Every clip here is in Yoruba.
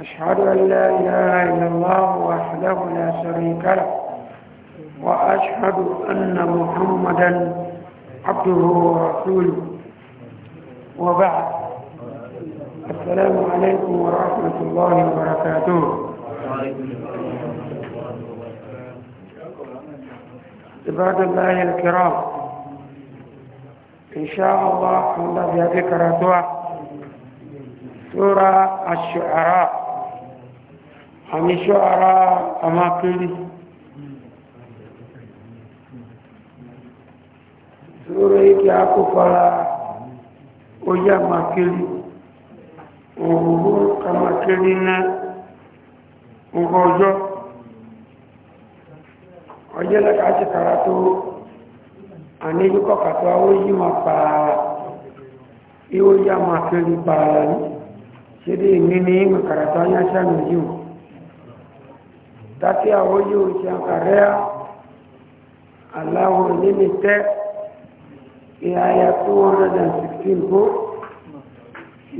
أشهد أن لا إله إلا الله وحده لا شريك له وأشهد أن محمدا عبده ورسوله وبعد السلام عليكم ورحمة الله وبركاته عباد الله الكرام إن شاء الله الله يذكر دعاء سورة الشعراء àmì ṣọ́ ara àmàkiri sórí ike akófara ojú àmàkiri òwúrú àmàkiri náà nǹkan ọjọ́ ọjọ́ lẹ́ka ti kàrà tó àníjúkọ̀ kàtó awó yí ma pààrà ìwó yá ma kiri pààrà ní ṣe dé ìní ní ìmọ̀ kàrà tó anyáṣà تاتي اوجو شان كاريا الله نيمت يا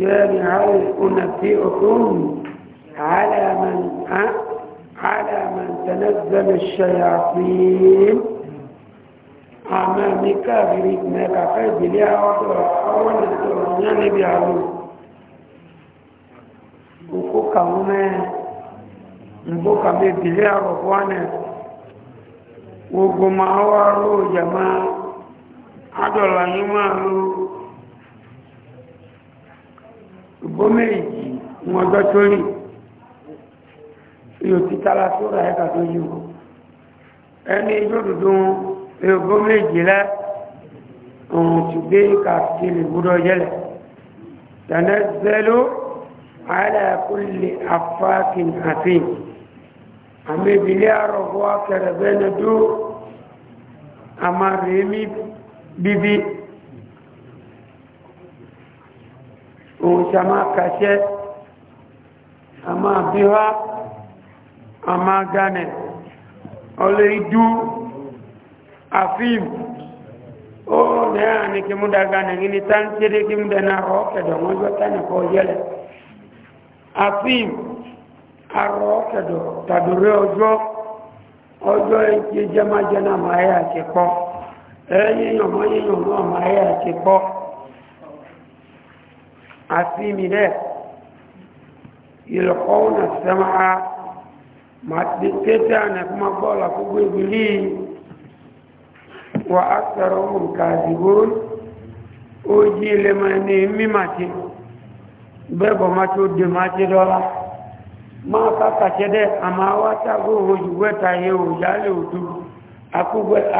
يا نهار انبئكم على من على من تنزل الشياطين امامك غريب ما كفاية بلياء وطرحون الدنيا نبيعون وكوكا هما mboka bibilia kwa bwana ugumawa ro jamaa adola nyuma ro gomeji mwaga toli iyo titala sura ya katoju eni ijo dudun iyo gomeji la on tube ka kili budo jele tanazzalu ala kulli afakin athim ame bile arɔbɔ akɛrɛ bɛ ne do ama ree mi bibi òun sama katsɛ ama biwa, ama ganɛ ɔlɛ idu afim o ne ani kemu da ganɛ ngini tan tere kemu da na rɔ kɛdɛ ŋɔdzɔ tani kɔ yɛlɛ afim arọ kẹdọ tàdúrẹ ojo ọjọ́ ẹjẹ jẹmájẹ náà máa yẹ àti kọ́ ẹ̀yìn ọmọ yíyàn náà máa yẹ àti kọ́ àti ìmìlẹ̀ ìlọ̀kọ́wọ́nà sẹ́máà máa ti kéte ànàkúmọ́ bọ́ọ̀lù àkókò ìbílí wà á sọ̀rọ̀ òun kàdìgbò ó jí ilẹ̀ máa ní mímàtí bẹ́ẹ̀ bọ̀ máa tó dè ti dọ́là máa kákàṣẹ́dẹ́ àmà wá tàbí òhòjù wẹ́ta yẹ òjálẹ̀ òdú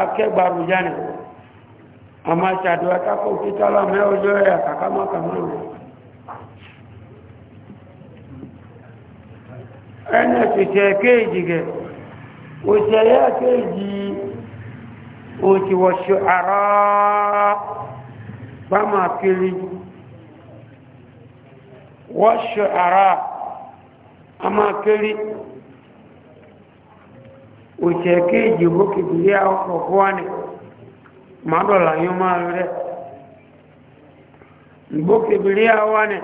akẹgbàrújá nì àmà ṣàdó atákò títọ́lá mẹ́ ọjọ́ ẹ̀ àkàkámọ́kàmọ́ ẹni òṣìṣẹ́ kéèjì gẹ̀ òṣìṣẹ́ kéèjì òṣìwọ̀ṣù àrọ́ bá máa kiri wọ́ṣù àrọ́ a máa kéré òṣèké ìjòkó kìkìlí ọkọ̀ wá ní màdọ̀là yóò máa lọ rẹ̀ ìgbó kìkìlí wá ní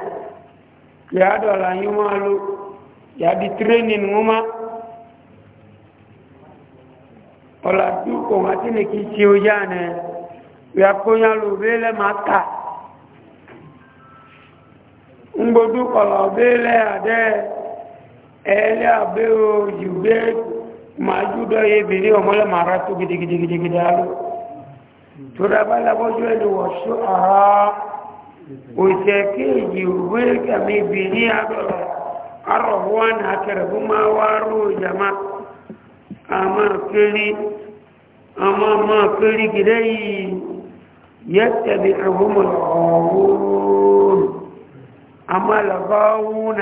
yàdọ̀là yóò máa lọ yàdí tírénìn wọ́n máa ọ̀làjú kò wá tí ní kí ṣe ó yá ní ìyàkóyá ló bẹ́ẹ̀lẹ̀ máa tà ń gbódú kọ̀lọ̀ bẹ́ẹ̀lẹ̀ àdẹ́ẹ̀ ẹlẹ́ àbẹ́ òjìgbé máa júdọ́ ebìrí ọmọlẹ́ máa rá tó gidigidigidi alú tó dábá lábọ́jú ẹni wọ̀ ṣó àrá òṣè kéèjì ìwé kàmí ìbìrí àbẹ̀rẹ̀ arọ̀wọ́ ní akẹrẹ̀bú máa wá rú ìjàmá àmà kéré àmà àmà kéré gidẹ́ yìí yẹ́tẹ̀bí ẹ̀húnmọ̀ ọ̀rún àmà lọ́gọ́rùn-ún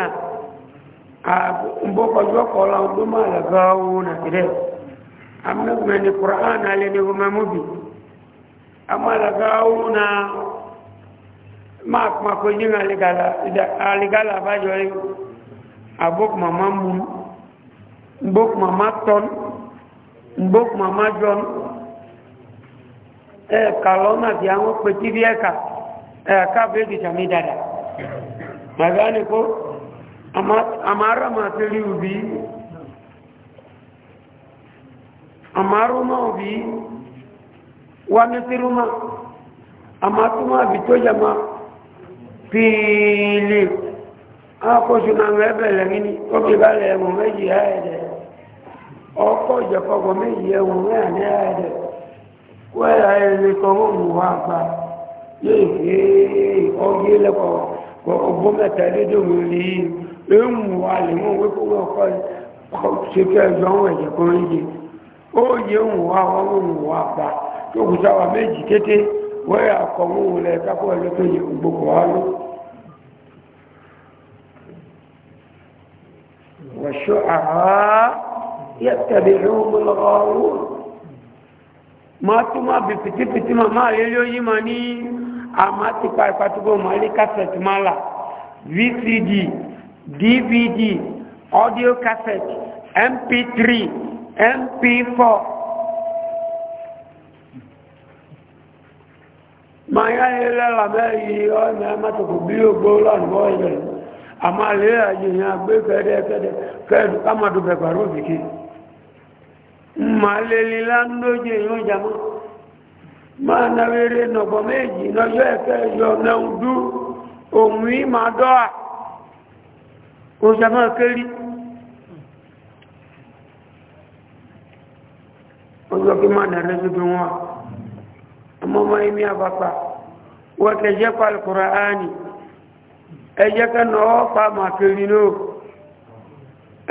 mboko kɔla duma la gawo na kide amna kuma ni qur'an ale ni kuma mubi amma la gawo na ma kuma ko yin ale gala da ale gala ba jori abok mama mum mbok mama ton mbok mama jon e kalona bi àwọn pe ti bi eka e ka be di magani ko amara materi ubi amaruma ubi wamesiruma amatuma vitojama pili akosu na ng'ebele ngini okibale ẹ̀mù méjì ẹ̀ẹ́dẹ̀ ọkọ̀ ìjọpọ̀gbọ̀ méjì ẹ̀mù mẹ́rin ẹ̀ẹ́dẹ̀ kó ẹ̀yà ẹ̀rẹ́ kọ́wọ́ mú wa pa yóò fi ọgbẹ́ lẹ́kọ̀ọ́ ọgbọ́n mẹ́ta lédòmù rí i ló ń mú wa lè mú owó kó wọ́n kọ́ ṣe kẹ́ ẹ̀jọ́ àwọn ẹ̀jẹ̀ kan ń yé ó yẹ ń wá wọn ń wá pa tó kù sáwà méjì kété wọ́n yà kọ́ mú wọn lẹ kápọ̀ ẹ̀ lọ́tọ̀ yẹ gbogbo wa lọ. wọ́ṣọ́ àhá yẹ tẹ̀lé ìhùn lọ́wọ́ máa tún máa bì pìtìpìtì máa máa lé lóyí máa ní àmà ti pa ìpàtúgbò máa lé kásẹ̀tì máa là vcd dvd audio cassette mp3 mp4 màá yẹ lẹ́la mẹ́rin ọ̀nà mẹ́tòkò bí ògbó lọ́nà ìrìn àmà lè àjòyìn àgbé kẹ́ẹ̀dẹ́kẹ́ẹ̀dẹ́ kẹ́ẹ̀dù kámàdù bẹ̀gbàrú òbìkí màá lè lílá ń lójú èyàn ìjàmọ́ máa na rere nọ̀gbọ̀n méjì lọ́jọ́ ẹ̀kẹ́ ìjọ náà dú òun yìí máa dọ́à oṣù àmọ́ kérí ọjọ́ kí máa dàrẹ́ síbi wọn ọmọ ọmọ imi àpapà wọ́n kẹjẹ́ pàlùkùrà áàni ẹjẹ́ kẹ́nà ọ́pàá mà kérí náà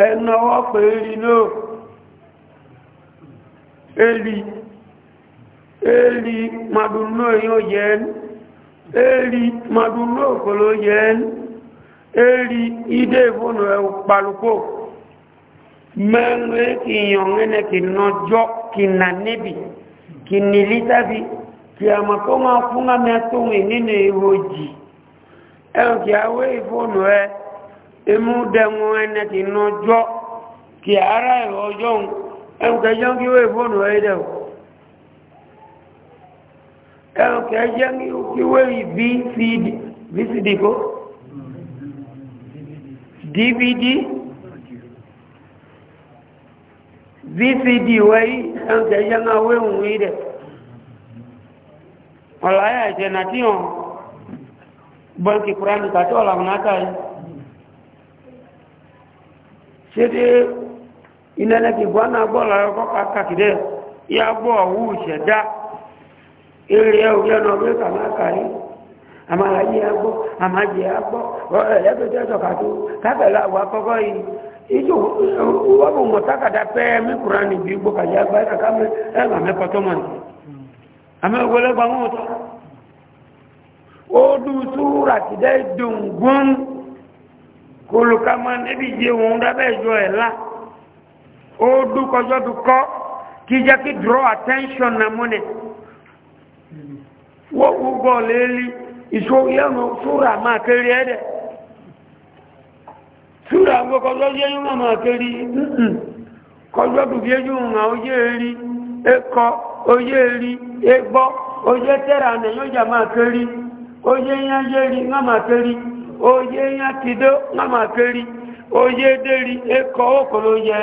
ẹnà ọ́pàá náà èrí èrí màdùn náà yóò yẹ́ èrí màdùn náà kò yẹ́ ẹni eri ide ìfúnnu ẹ̀ e palùkò mẹ́rin kì í yàn ẹnẹ kì í nọjọ́ kì í nà níbi kì í nílí tàbí kì í àmọ́ tó máa fún àmì àtòwìn nínú ìrojì ẹ̀rùn e kì í àwé ìfúnnu ẹ̀ e, imú dẹ̀wọ̀n ẹnẹ kì í nọjọ́ kì í ara ẹ̀rọ ọjọ́ ẹ̀rùn kẹjọ́ kí ó ìfúnnu ẹ̀ dẹ̀ ẹ̀rùn kẹjọ́ kí ó ìbí fìdí kó. DVD, VCD wẹ́yí ẹ̀ǹkẹ́ yẹ́ máa wé òun rí rẹ̀. Ọ̀láyà ìṣẹ̀nà tí hàn bọ́ǹkì Kúránì tàbí ọ̀làwọ̀n na Ṣé dé inẹ́lẹ́kì gbọ́nà gbọ́ọ̀lá ọkọ̀ kàkìdẹ̀ yá gbọ́ ọ̀wú ìṣẹ̀dá eré ẹ̀wù yẹ́nu ọgbẹ́ kàmákàrí àmàlàyé agbọ́ àmàjẹ agbọ́ ẹ̀lẹ́gbẹ̀jẹ́ sọ̀kàtú kábẹ̀lá wà kọ́kọ́ yìí ìjò wọ́bù mọ̀tákàdá pẹ́ mẹ́kùnrin níbi gbọ́kàjá agbá ẹ̀kàká ẹ̀mà mẹ́kọ̀tọ́ mọ̀ ní àmẹ́gbẹ́lẹ́gbà wọn tọ́ ó dú túrà ti dẹ́ dùngún kólùkámọ́ níbi yé wọn dábẹ́ ìjọ ẹ̀ lá ó dú kọjọ́ dúkọ́ kí jẹ́ kí draw attention na múnẹ̀ wọ́n gbọ́ lélí ìṣòro e súra máa kéré ẹ́dẹ̀ súra gbogbo yẹ́yún máa kéré kọjọ́ tó fi yẹ́yún oyé rí ẹkọ oyé rí ẹgbọ́ oyé tẹ́ra jà máa kéré oyé rí máa kéré oyé máa kéré oyé ẹkọ yẹ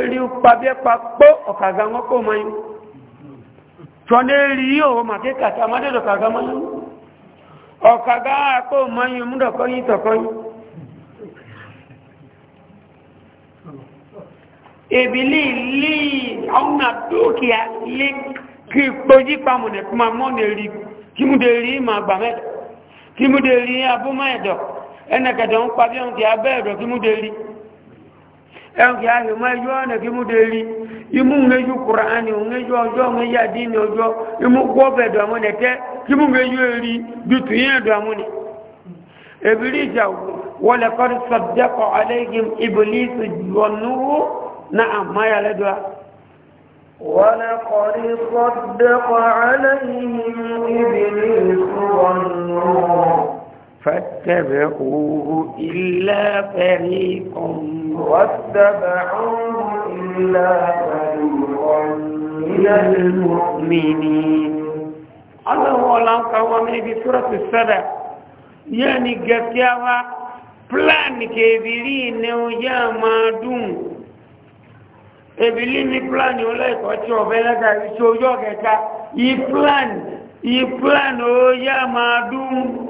eri ọ̀kàgà wọn kò mọ́ yìí tọ́ndé rí òun màkí kàtà mọ́dẹ́dọ̀ kàgá mọ́yí ọ̀kàgá àpò mọ́yí múdọ̀kọ́yí tọ̀kọ́yí ìbílí lè ọ̀nà dúkìá lè kí pọ́jí pàmùnẹ̀ kúmà mọ́nà rí kí mú rí ma gbà kí mú rí abúmọ́ ẹ̀dọ̀ imu ŋeju kurani ŋeju ọjọ ŋeju adini ọjọ imu gbọbẹ do amu nẹtẹ imu ŋeju eri dutu yẹn do amu ni. ebili dza wọlé kọri sọdẹkọ aleyhim ibili su jọnuwo na amaya lẹ do a. ولقد صدق عليهم إبليس ظنه فاتبعوه إلا فريقا واتبعوه إلا فريقا من المؤمنين الله ولا قوامي بسورة السبع يعني قسيوا plan kebili ne oya ma dun ebili ni plan yo le ko ti obe la ga ri so yo geta i plan i plan oya ma dun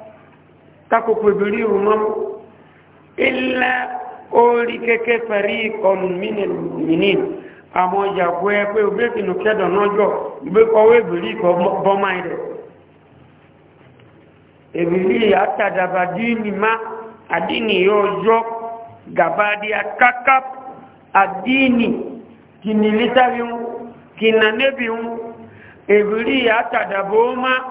tako pebili umam illa ori keke fariqon minin, almu'minin amoja kwe pe obe kinu kedo nojo be ko we ko bo mai de ebili atada ma adini yojo gabadi akakap adini kinilita yu kinanebi yu ebili atada boma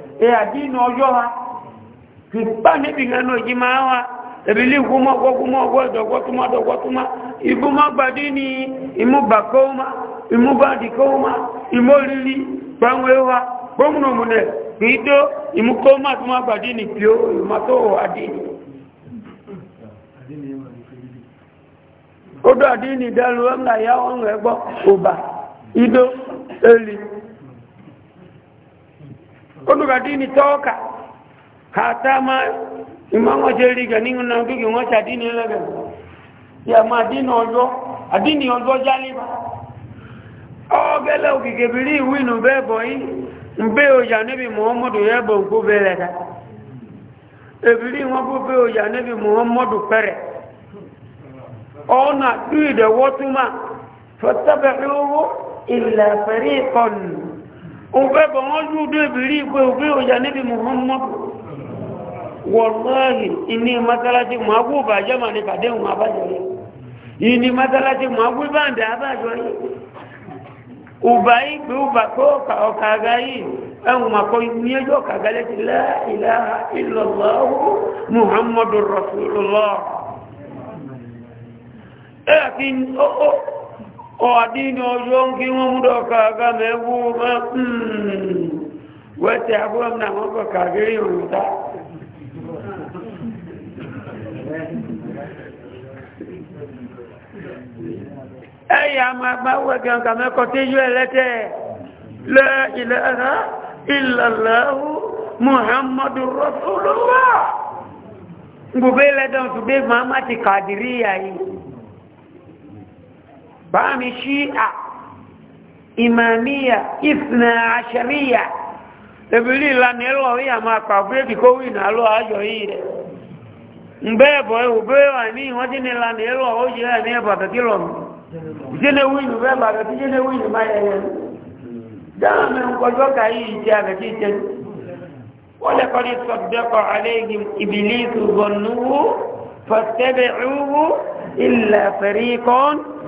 àdínà ọjọ́ wa kìpá níbi ìrànà ìjímá wa ẹ̀bílí ìgbúmọ́ gbọ́gbúmọ́ ọgbọ́dọ̀gbọ́túmọ́ dọ̀gbọ́túmọ́ ìgbúmọ́ gbàdí ni ìmúbàkọ́ọ́má ìmúbàdìkọ́ọ́má ìmólílí gbáwẹ́ wa gómìnà múnẹ̀ ìdó ìmúkọ́ọ́má tó má gbàdí ni pí ó ìmọ́tò àdínì ó dọ̀ àdínì dẹ́lu ẹ̀ ń gbà yá wọn rẹ̀ gbọ́ òbá ìdó èlì kondo gadini toka kata ma imango jeli gani ngona ngi ngo chadini lega ya ma dino ndo adini ndo jali ba o gele o gige biri winu be boy mbe o ya nabi muhammad ya bo ko bele ka e biri ngo bo be o ya nabi muhammad pere ona dide wotuma fatabi'uhu illa fariqan òfẹ́ bọ̀ wọ́n lú dé ìbìrí ìpé òfẹ́ òjà níbi muhammadu wọ́láhì iní mátálátí mọ́ agbó ní kàdé òun iní mátálátí mọ́ agbó bàǹdà ọba yìí ọba kó ọkà aga yìí ẹ̀hùn àkọ́ ní ẹjọ́ ọkà aga ọdịni ọjọ nke nwe m ọka aga m ma hmm, wete abụọ m na nwakọ ka gịrị ụta ẹ̀yà máa gbá wẹ̀gẹ̀ ọ̀gá mẹ́kọ̀ tí yóò ẹlẹ́tẹ̀ lẹ́ ilẹ̀ muhammadu rasulullah báàmì ṣíà ìmàmíyà ìfìnà àṣẹríyà ebìlì ìlànà ẹlọ rí àmà pàbúrẹ́kì kó wì náà lọ àjọ yìí rẹ̀ ǹbẹ́ ẹ̀bọ̀ ẹ̀wùgbé wà ní ìwọ́n tí ní ìlànà ẹlọ ó jẹ́ ẹ̀ ní ẹ̀bà kẹ́kẹ́ lọ jẹ́nẹ̀wìnì bẹ́ẹ̀ ya. tí jẹ́nẹ̀wìnì máa yẹ̀yẹ̀ ka ihe ń aga ká yìí ìjẹ́ àbẹ̀kí jẹ́ ولقد صدق عليهم إبليس ظنه فاتبعوه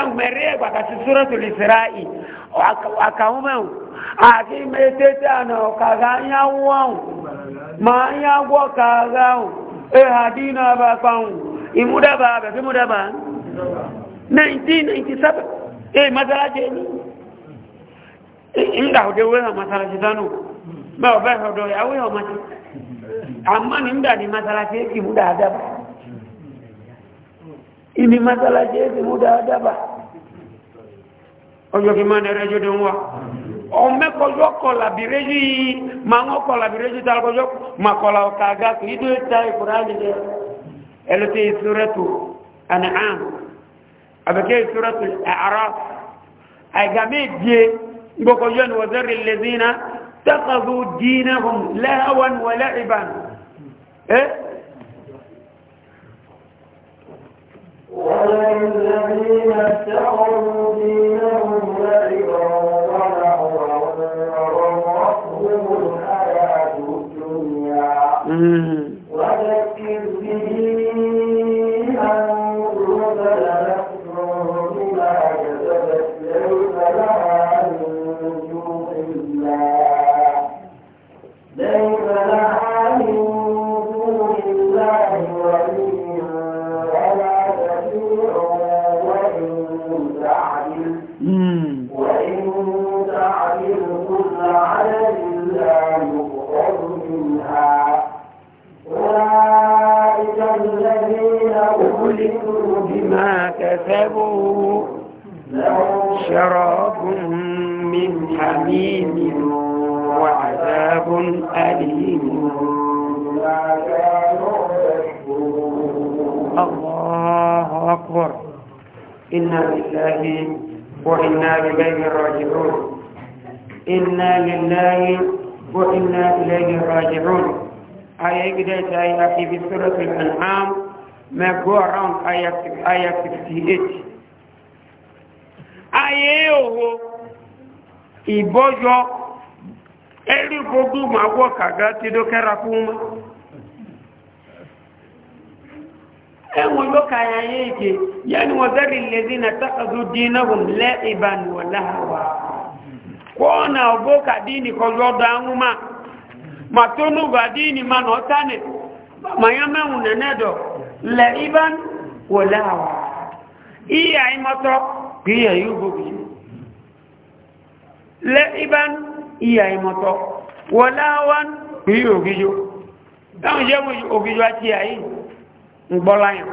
umerie kwa kasusura tulisirai akaume akimetete anaokaganya wau manyagwo kagau ehadina bakau imuda baba imuda ba 1997 eh masalaje ni inda hude wewe masalaje tano ba ba hude awe wa mati amma ni mda ni masalaje ki muda adaba ìmí mọ́sálásí èsì mú dáadáa ọjọ́ kí máa nẹ̀rẹ́ jọ́dọ̀ ń wá ọmẹ́kọjọ́ kọlà bìrẹ́jì yìí ma ń kọlà bìrẹ́jì tàbíkọjọ́ ma kọlà ọ̀ka àga kò ìdó ìta ìkùrá nìyẹ ẹlẹ́tẹ̀ ìsúrẹ́tù àníhàn àbẹ̀kẹ́ ìsúrẹ́tù àárá àìgàmí ìdíye gbọ́kọjọ́ ni wọ́zẹ́rì lẹ́zínà tẹ́kọ̀ọ́ dínà hùn lẹ́hàwọn wọlẹ́ ìbàn eh وللذين اتخذوا دينهم لعبا ولهوا وغرتهم الحياة الدنيا وذكر خلقوا بما كسبوا شراب من حميم وعذاب أليم الله أكبر إنا لله وإنا إليه راجعون إنا لله وإنا إليه راجعون آية قدرت آية في سورة الأنعام may go around ayah, ayah 68. Ayé òhò ìbọ́jọ́ ẹ̀rí gbogbo máa wọ́ kàgá tí ló kẹ́ra fún mọ́. Ẹ̀wọ̀n ló ka ayé ìké, yẹ́nu wọ́n zẹ́rì lèzí na tàkàzú dínàwò lẹ́ ìbànú ọ̀láhàwà. Kọ́ọ̀nà ọgbó kàdínì kọjọ́ ọdọ̀ ahún máa, mà tó nùgbà dínì máa nà ọ́ tánì, mà mẹ́wùn nẹ́nẹ́dọ̀. لعبا ولهوا إيه عمتك هي يبكي لعبا إيه عمتك ولهوا هي يبكي dáhùn jẹ́ ògìjọ àti àyí ìgbọ́láyàn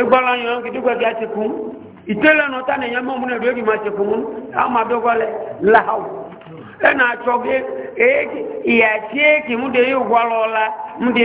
ìgbọ́láyàn ń kìdúgbẹ́ kún ìtẹ́lẹ̀nà tánìyàn mọ́ múnẹ̀ lórí kún gị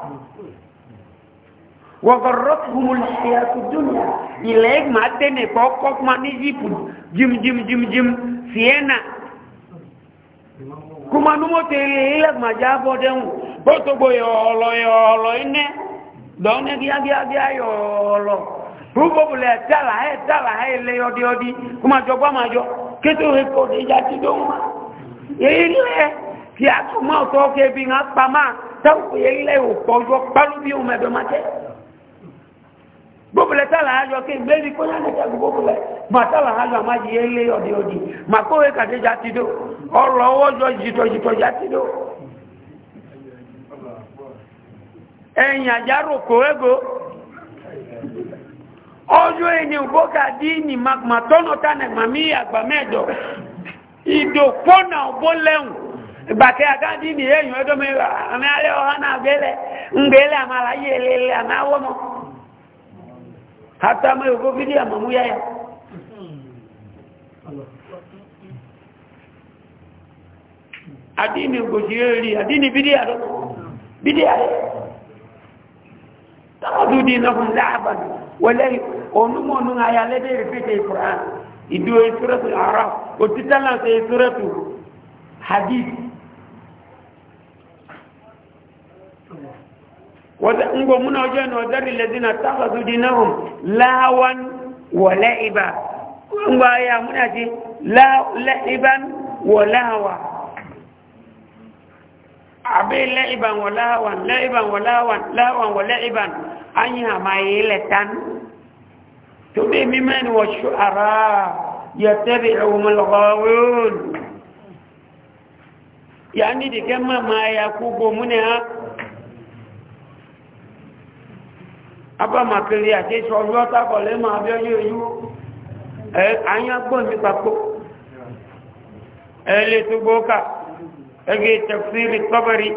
وغرتهم الحياة الدنيا إليك ما تني فوقك ما نجيب جم جم جم جم فينا كما نموت إليك ما جابوا دم بطبو يولو يولو إنه دونك يا يا يا يولو probably tala he tala he le odi odi kuma jo gba ma jo keto he ko de ja ti do ma ile ki a to ke bi nga pa ta ko ile o ko jo palu bi o me do ma te bóbulẹ̀ tala ayọ̀ kí n gbérí kó yánà ìjàgbó bóbulẹ̀ ma tààlà ayọ̀ àmá yìí élé ọ̀dẹ̀ òdì ma kówé kàdéjà ti dó ọrọ̀ ọwọ́ jọ jìtọ̀jìtọ̀ já ti dó ẹ̀yìn àjárò kò égó ọjọ́ ẹni ògbókà díìnì ma tọ́nà tánà màmí àgbà mẹ́jọ ògbó lẹ́hùn èèyàn àmì alẹ́ ọ̀hánà àmì awọ́mọ́ hata mayo govidia mamuyaya adini ugojiri adini bidia bidia onumo nunga ya lede repeat idu otitala hadith ngo muna ojani wadari lazina takhadhu dinahum lawan wa la'iba ngo aya muna ji la'iban wa lawa abe la'iban wa lawan la'iban wa lawan lawan wa la'iban anya mayele tan to be mimman wa shu'ara yattabi'uhum al-ghawun yani dikemma ma yakubu muna abámakiri àti ìṣọ́jú ọ́tàkọ̀lẹ́ máa bí ọjọ́ ojú àyàgbọ́n ní papò ẹ̀lẹ́ tó gbókà ẹgbẹ́ tẹ̀fìrì tọ́bẹ̀rì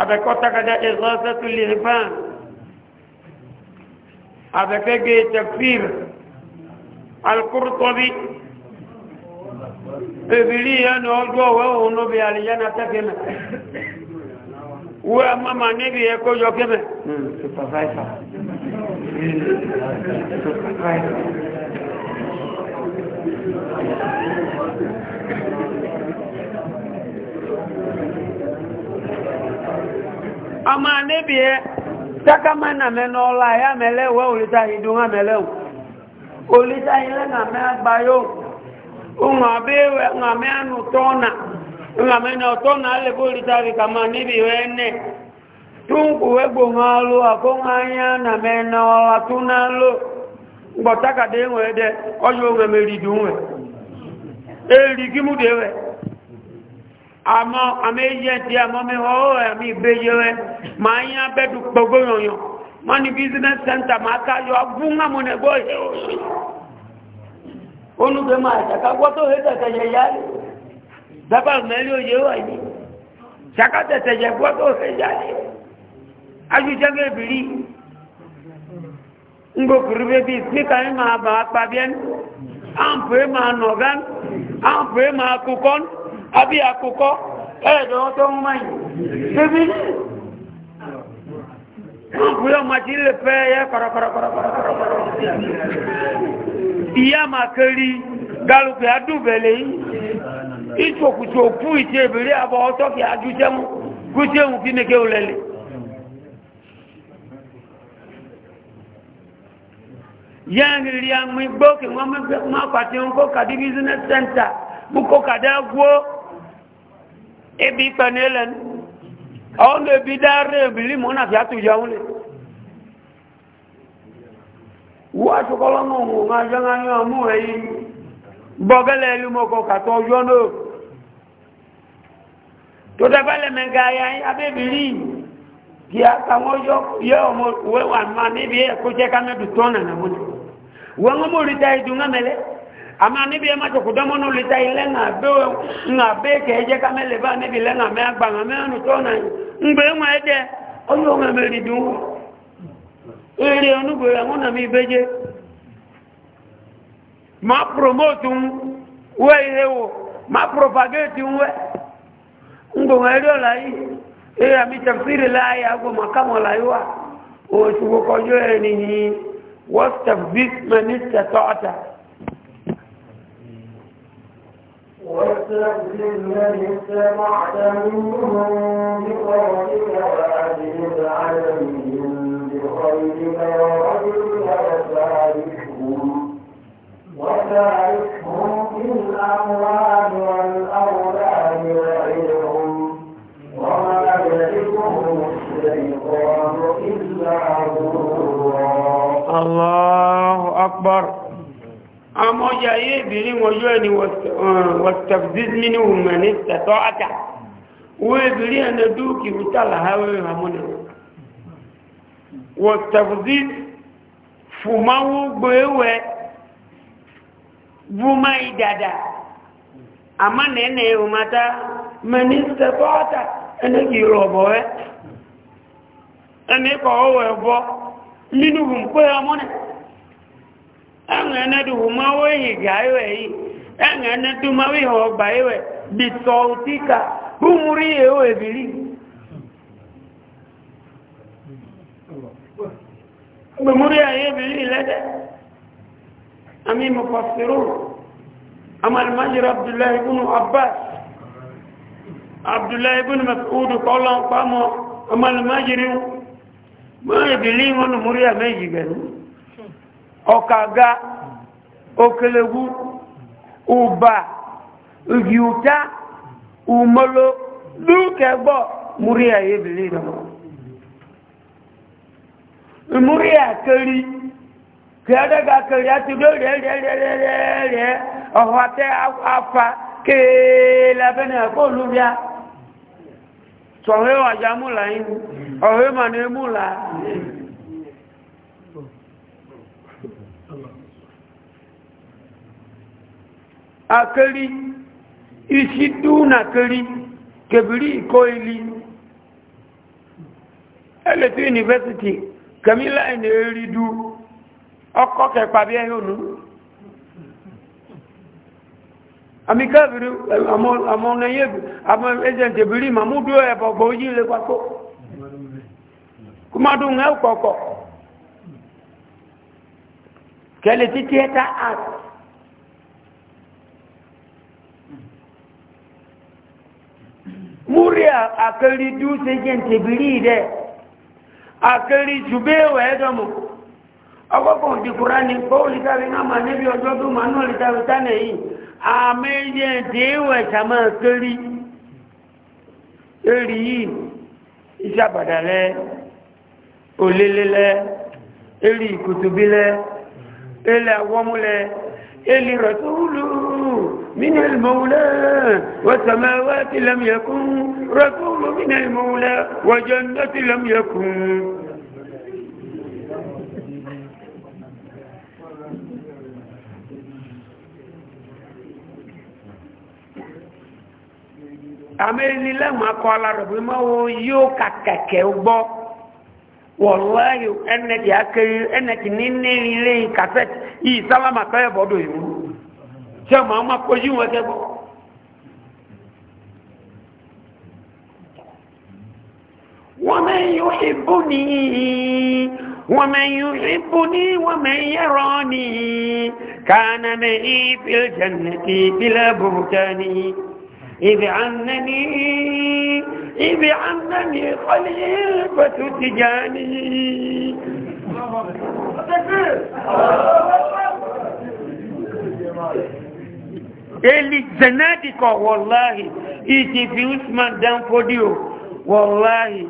abẹ́kọ́tàkàdá ìṣọ́sẹ́tù lè fàn abẹ́kẹ́gbẹ́ tẹ̀fìrì alkúrútọ́bí ebìlì ẹnu ọjọ́ ọwọ́ òun ló bí alìyánà tẹ́fìmẹ̀ wúwa mọ́mà níbi ẹkọ́ yọ kébẹ̀ ọmọ ma ẹ takamana mẹ́nà ọlá ya mẹ́lẹ́wẹ́ olítà ìdúnwà mẹ́lẹ́wẹ́ olítà na nà mẹ́ àgbáyó ụmụ àbẹ́wẹ̀ nà mẹ́ ànútọ́ na ngamene na ale politaki kama nibi wene tungu wego ngalo akonganya na mena wala tunalo ngotaka denwe de oyo ngameli dunwe eli kimudewe ama ameye ti ama me ho ami ma bejewe manya bedu pogoyoyo mani business center maka yo agunga ne boye onu be ma ta e ka gwo to heta ta yali bàbá mẹ́rin òye wà ní ṣàkátẹ̀tẹ̀ jẹ́ gbọ́dọ̀ ọ̀fẹ́ jáde ajújẹ́gẹ́ ìbìrí ń gbòkúrú bébí spíkà ń máa bà á pa bíẹ́n àǹpù é máa nà ọ̀gán àǹpù é máa kókọ́ àbí àkókọ́ ẹ̀ẹ̀dọ̀ tó ń mọ̀ bébí àǹpù yóò máa ti lè fẹ́ ẹyẹ kọ̀rọ̀kọ̀rọ̀kọ̀rọ̀kọ̀rọ̀ ìyá máa kéré gálùpẹ̀ adúbẹ̀lẹ̀ yìí ìtòkùtò òkú ìtì èbèrè àbọ̀ ọtọ́kì ajújẹ́mú gújẹ́mú kí ní kéwù lẹ́lẹ̀. yẹ́n rí àmì gbókè wọ́n má pàtí ń kó kàdí business center mú kó kàdá gbó ebi pẹ̀lú ẹlẹ́nu àwọn ebi dáre ìbílí mọ́ náà fi àtúnjọ àwọn lè wọ́n aṣọ́kọ́lọ́mọ̀ òun àjọ́ ń yọ ọmú ẹ̀yìn bọ́gẹ́lẹ̀ ìlú mọ́kọ̀ kàtọ́ ọjọ́ náà tó dábàá lẹ́mẹ̀ ga ya yín abébìrì kí àtàwọn yọ ọmọ òwe wà má níbi ẹ̀kọ́ jẹ́ ká mẹ́tò nànà wọn. wọ́n mú rita ìdùn ńlá mẹ́lẹ́ àmà níbi ẹ̀ dánmọ́ nù rita ńlá bá níbi mẹ́ nà ńgbẹ́ wọn ọyọ́ wọn má promote wẹ́ ihe má propagate ngbòǹgà ẹ̀rọ láyé ẹ̀rọ àmì tẹ̀fìrì láyé agbọ̀mọ̀ kámọ̀ láyé wa òṣùwò kọjú ẹ̀ nìyí wọ́stẹ̀f bí mẹ́nísítẹ̀ tọ́ọ̀tà. واستغفر من استمعت منهم بقولك وأجلب عليهم بخيرك ورجلك وسالكهم وسارعهم في الأموال والأولاد وغيرهم وما يدركهم الشيطان إلا غرورا الله أكبر أما جاي بني وجوني واستفزز منهم من استطاعت ويبري أن دوكي وتلا هاوي همونه واستفزز فما وبوه bumai dada ama nene umata minista bọta ẹni kì í rọ̀bọ̀ ẹ ẹni kọ̀ ọwọ̀ ẹ̀bọ́ nínú hùn ya ọmọ nẹ ẹ̀rùn ẹni dùn hùn máa wọ́n yìí gà ẹ̀wẹ̀ yìí ẹ̀rùn ẹni dùn máa wọ́n yìí أمي مفسرون أما المجر عبد الله بن عباس عبد الله بن مسعود قال قام أما المجر ما يدلين من مريا ميجي ọ̀kàgá òkèlèwú ùbà ìyúta ùmọ́lò lúkẹgbọ́ múrí àyè bèlè ìdàmọ́ múrí àkẹ́rí kẹ́ẹ̀dẹ́ ga kẹ́rì àti rẹ́rẹ́rẹ́rẹ́rẹ́rẹ́ ọ̀hún àtẹ́ afa kéèlà bẹ́ẹ̀ náà kó lù bíà sọ̀rọ̀ àjà múlà yín ọ̀rẹ́ mà ní múlà. akẹ́rì isi dúnà kẹ́rì kẹbìrì ìkọ́ ilé ẹlẹ́tí yunifásitì kẹ́mílà ní erí ọkọ kẹpa bí ẹyọ nù àmì kẹfìrí àmọ ẹyẹ àmọ ẹjẹǹtì ìbírí màmúdú ẹbọgbọ ojú ilé pàtó kúmọdún ẹ kọkọ kẹlẹ títí ẹta àt múrí àkẹrí dúú ṣe jẹǹtì ìbírí dẹ àkẹrí jùbẹ́ẹ̀wẹ̀ ẹ̀dọ́mọ̀ ọgbọ́gbọ̀n di kúránì bóòlì tàbí náà níbi ọjọ́ tó ma náà lè tàbí tánà yìí àmẹ́yẹ déwẹ̀ sàmà kérí èrì yìí iṣẹ́ àbàdàlẹ́ òlélélẹ́ èrì ìkùtùbílẹ́ èlẹ̀ àwọ́múlẹ̀ èlì rọ̀túlù mínà ìmọ̀wúlẹ̀ wọ́sàmà wá tìlẹ̀mìyẹ̀kún rọ̀túlù mínà ìmọ̀wúlẹ̀ wọ́jọ́ ń dọ́tìlẹ̀mìyẹ̀kún amẹ́ni lẹ́wọ̀n akọ alarọ̀ bí mọ́ wo yóò ka kẹ̀kẹ́ gbọ́ wọ̀láyò ẹnẹ̀tì akẹ́yẹ ẹnẹ̀tì níní ilé kàfẹ́tì yìí sálámà kọ́yẹ̀ bọ́dọ̀ yìí wú tí ọmọ ọmọ akọ́jú wọn kẹ́ gbọ́. wọ́n mẹ́rin yóò ṣe bó nìyí. ومن يحبني ومن يراني كان معي في الجنة بلا بهتان إذ عنني إذ عنني خليفة تجاني Eli zanadiko wallahi iti fi Usman dan fodio wallahi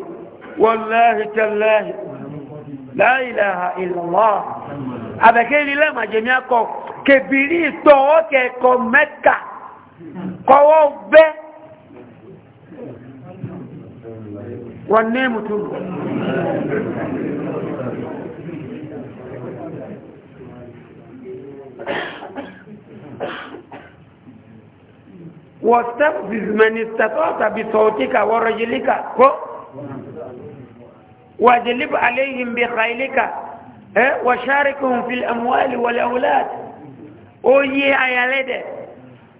wallahi tallahi la ilaha illallah abekeli lema jemi ako kebiri to kọwọ́ bẹ́ wọ́n ní من استطعت بصوتك ورجلك واجلب عليهم بخيلك وشاركهم في الأموال والأولاد يا لدي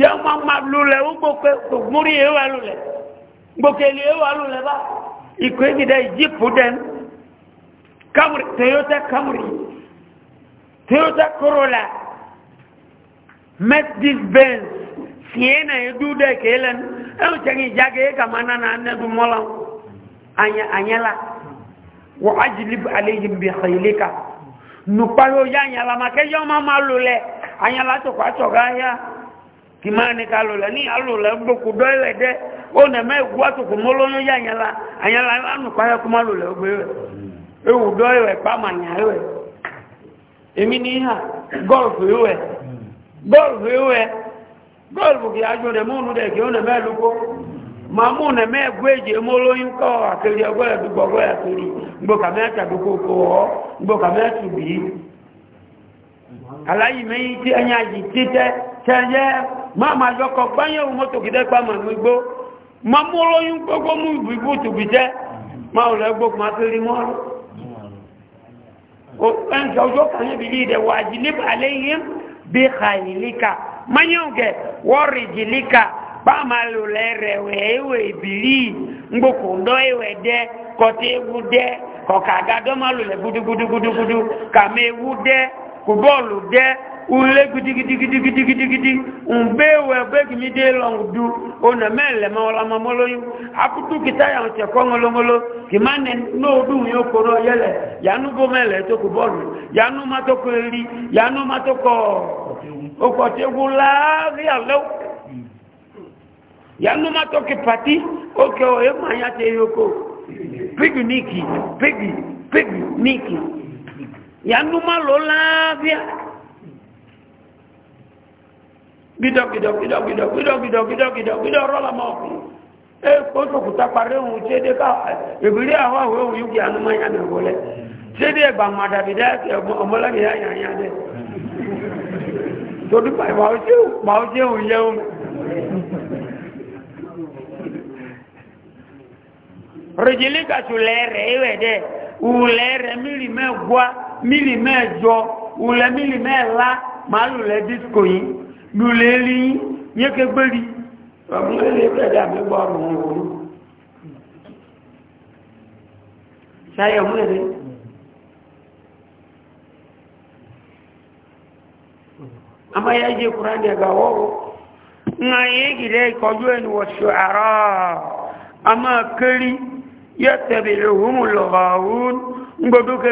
yẹ ma ma lulẹ̀ wọ́n gbórí yẹ wà lulẹ̀ gbókèlè yẹ wà lulẹ̀ bá ìkó yìí dẹ̀ jíìpù dẹ́n camry toyota camry toyota corolla mercedes benz sienna yẹ dúró dẹ̀ kéèlẹ̀ ní ẹ̀rù tẹ̀yìn ìjágẹ̀ yẹ kàmá ale bi ma ma tó yá. kimani kalola ni alola boku doile de ona me gwatu kumolo no yanyala anyala anu kwa kumalo le e eh, u doile eh, pa manya ewe eh. emi ni ha golf ewe golf ewe golf ki ajo de munu de ki ona me luko mamu na me ya turi ngbo ka me ata duko ko ngbo ka alayi ti máa ma yọkọ̀ gbáyẹ̀wò mọ́tò kìdẹ́ pa màmú igbó ma mú olóyún gbogbo mú ìbú tòbí jẹ́ ma ò lẹ́gbó ma tó rí mọ́ rí ẹnjẹ́ ọjọ́ kan níbi ilé ìdẹ̀ wà jìlípa lẹ́yìn bí ka wọ́ọ̀rì bá ma lò lẹ́rẹ̀ ẹ̀wẹ̀ ìbílí ngbòkò ńdọ́ ẹ̀wẹ̀ dẹ́ ewu dẹ́ ma lò lẹ́ ewu dẹ́ kò ule gidigidigidigidigidi mgbe ewe begi mi de long du ona mele ma ola ma molo yu akutu kita ya nche ko ngolo ngolo kimane no du yo koro yele yanu bo mele to ku bolu yanu ma to ko ri yanu ma to ko o ko te gula ri ya yanu ma to ke pati o ke o e ma ya te yoko pigniki pigni pigniki yanu ma lo la bia gidọ̀gidọ̀gidọ̀gidọ̀gidọ̀gidọ̀ rọ́lá máa fi ẹ kóso kùtà parí ohun tí édé ká ìbílẹ̀ àwọn àwọn ohun yóò kí anúmọ̀ yà mẹ́ wọlé tí édé ẹgbà màdàbí dá ọmọlẹ́bí yà yà yà dẹ torí màá ó jẹ́ òun yẹ ohun rìjìlì kàtù lẹ́rẹ̀ ẹ̀wẹ̀ dẹ ùlẹ̀ rẹ̀ mílì mẹ́ gbọ́ mílì mẹ́ jọ ùlẹ̀ mílì mẹ́ la màálù lẹ́ dísíkò yìí lulẹ̀ rí yẹ́ kẹgbẹ́ rí ọmọ ilé pẹ̀lú àmẹ́gbọ́ ọ̀rùn òun ṣáyẹ̀ mú ẹ̀rẹ́ amáyá jẹ́ kúránì ẹ̀gà wọ́wọ́ ńlá yẹ́ gìdẹ́ ìkọjú ẹni wọ̀ṣù àrọ́ àmá kéré yẹ́ tẹ̀bẹ̀rẹ̀ òun lọ́wọ́ gbogbo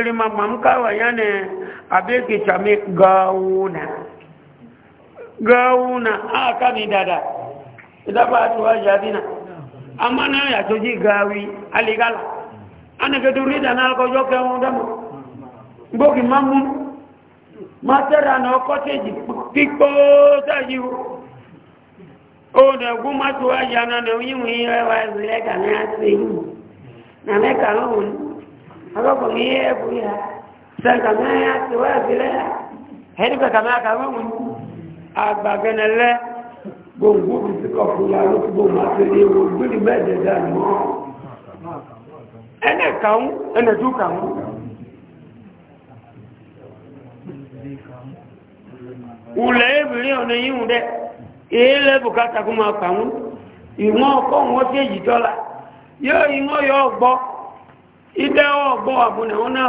na gauna aka ni dada idaba tuwa jadina amma na ya toji gawi aligala ana ga duri da na ko yo ke mu damo bogi mamu matera na ko teji pipo taji o da guma tuwa jana na yin yin wa zile ka na sai na me ka lon aga ko ni e buya san ka na ya tuwa zile heri ka na ka mun agbagẹ́nẹ gbogbo ìsìnkọ̀ fún ya ló ti gbogbo àtẹ́lé ewu gbìlì mẹ́ẹ̀dẹ̀dẹ̀ àmọ́ ẹnẹ̀ kàún ẹnẹ̀ tó kàún ulẹ̀ ebìnrin ọ̀nà yíhun dẹ́ èélẹ́ bùkátà kó máa kàún ìwọ̀n ọkọ̀ wọn tí èyí tọ́la yóò ìwọ̀n yọ ọgbọ́ ìdẹ́ ọgbọ́ àbúnẹ̀ wọn náà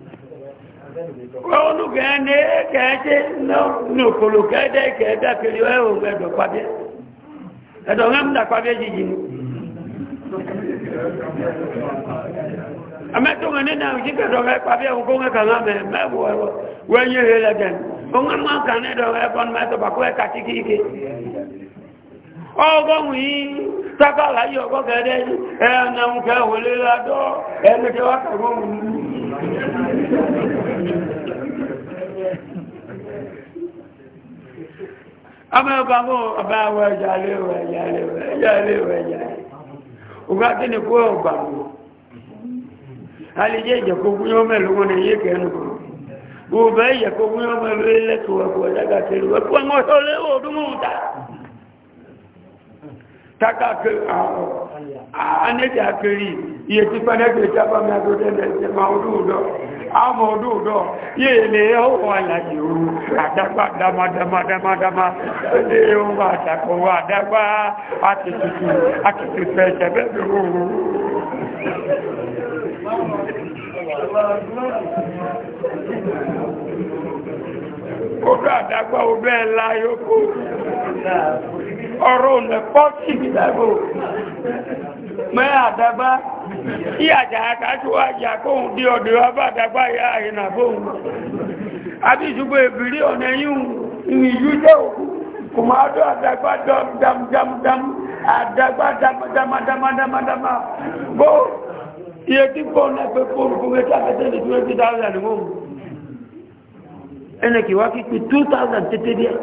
olùkẹ́ ní kẹ́ẹ̀tẹ́ ní òkòlò kẹ́ẹ̀dẹ́ kẹ́ẹ̀dẹ́ kiri ẹ̀hùn ẹ̀dọ̀ pàdé ẹ̀dọ̀ mẹ́mdà ní amẹ́tọ́gbọ̀n nínú àwọn ìjíkẹ̀dọ̀ rẹ̀ pàdé ẹ̀hùn kó mẹ́kà lámẹ́ mẹ́wọ̀ ẹ̀rọ wẹ́nyẹ́ rẹ̀ lẹ́gẹ̀ẹ́ ọmọ mọ́ kà ní ẹ̀dọ̀ rẹ̀ ama bango abawa jalewa jalewa jalewa jalewa ugati ni kwa bango alijeje kunyome lungone yeke nuko ubaye kunyome lele tuwa kwa daga kelwa kwa ngoto leo dumuta taka ke anete akiri yeti pana ke chapa mna kutende maududo àmọ́ òdòdó yèèlè ọwọ́ àyàjì ooru àdágbà dámadámadámadámá lè ohun àtàkọwọ́ àdágbà àtìtìtì àtìtìtì ẹ̀ṣẹ̀ bẹ́ẹ̀ ooru Odó àdágbà odó ẹ̀lá yóò kó ọ̀rọ̀ ònà pọ́ sí ìdágbò mẹ́ àdágbá tí àjà àkáṣíwá àjà kóhun dí ọdọ̀ abádágbá ya àrìnà fóhun àbí ìṣùgbọ́ ìbìrí ọ̀nà yíò ìyú jẹ́ òkú kò máa dọ́ àdágbá dámdámdám àdágbá dámadámadámadámá bó iye tí pọ̀ náà pé fóònù fún ẹjọ́ àfẹ́sẹ́ lè tún ẹgbẹ́ dáhùn àníwọ̀n ẹnìkì wá kí pé 2000 tètè díẹ̀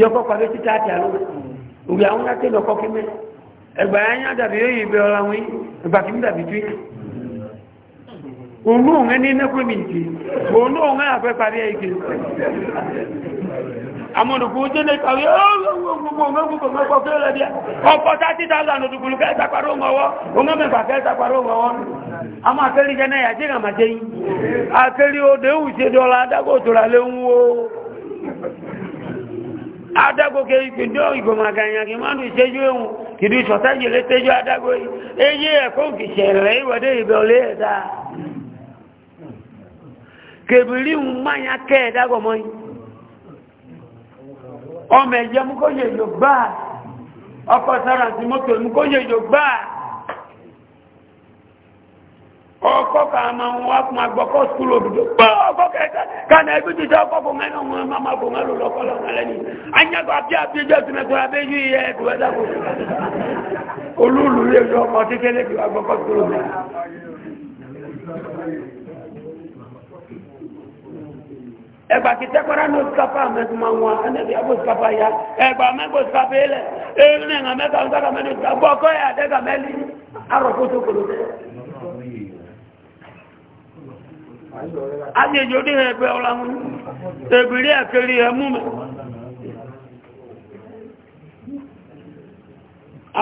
yọkọ̀ pàdé títà àti àlọ́ òwúrọ̀ àwọn akẹ́lẹ̀ ọkọ̀ kí mẹ́rin ẹgbà ẹ̀yà dàbí oyè ibi ọlá wọn ẹgbà kí ní dàbí tí òun òun ẹni nẹ́kùnmìntì òun òun àfẹ́ parí ẹ̀yẹ àmọ́dùkú jẹ́lẹ̀ kàwé ọ̀pọ̀ 30,000 òdùkúlù a náà kìdí ìṣọ̀tá yìí létẹ́jọ́ adágbó yìí eyé ẹ̀kọ́ òkìṣẹ̀lẹ̀ ìwọ̀dé ìbẹ̀ọ̀lẹ́ ẹ̀dá kèbìrí ń kẹ́ ẹ̀dágọ̀ mọ́ ọmọ ẹ̀jẹ̀ mú kó yẹ yóò gbáà ọkọ̀ sára mọ́tò mú kó yẹ yóò gbáà ọkọ ka ma wọn a kuma gbọ kọ sukulu ododo kpọọ ọkọ kẹta kana ebi tuntun ọkọ fún ẹnà wọn ma ma fún ẹlò lọkọ lọ wọn lẹni anyagba bí abidjọ tìmẹtọ abéjú yẹ ẹtùwẹ dàgbò olúlu lè lọ ọmọ kékeré kí wà gbọ kọ sukulu ododo. ẹgbà tí tẹkọrọ ní osikapa mẹtuma wọn ẹnẹbi abo osikapa ya ẹgbà mẹgbà osikapa yẹ lẹ ẹnẹbi mẹta ọsàkà mẹta osikapa bọkọ yẹ adẹgà mẹlí arọ kótó kolo tẹ àjẹjọ dé ẹgbẹ́ ọlámú ẹgbìrí àkẹrí ẹmú mẹ́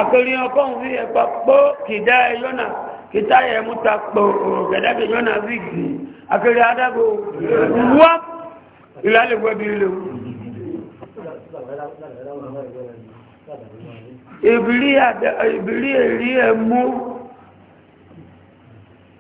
àkẹrí ọkọ̀n sí ẹ̀pà pọ́ kìdá ẹyọ́nà kìtá ẹ̀mú ta pọ̀ gẹ̀dẹ́gẹ̀ yọ́nà sí ìgbì àkẹrí adágbò wá ìlàlẹ̀gbẹ́ bí ilẹ̀ ìbìrí èrí ẹmú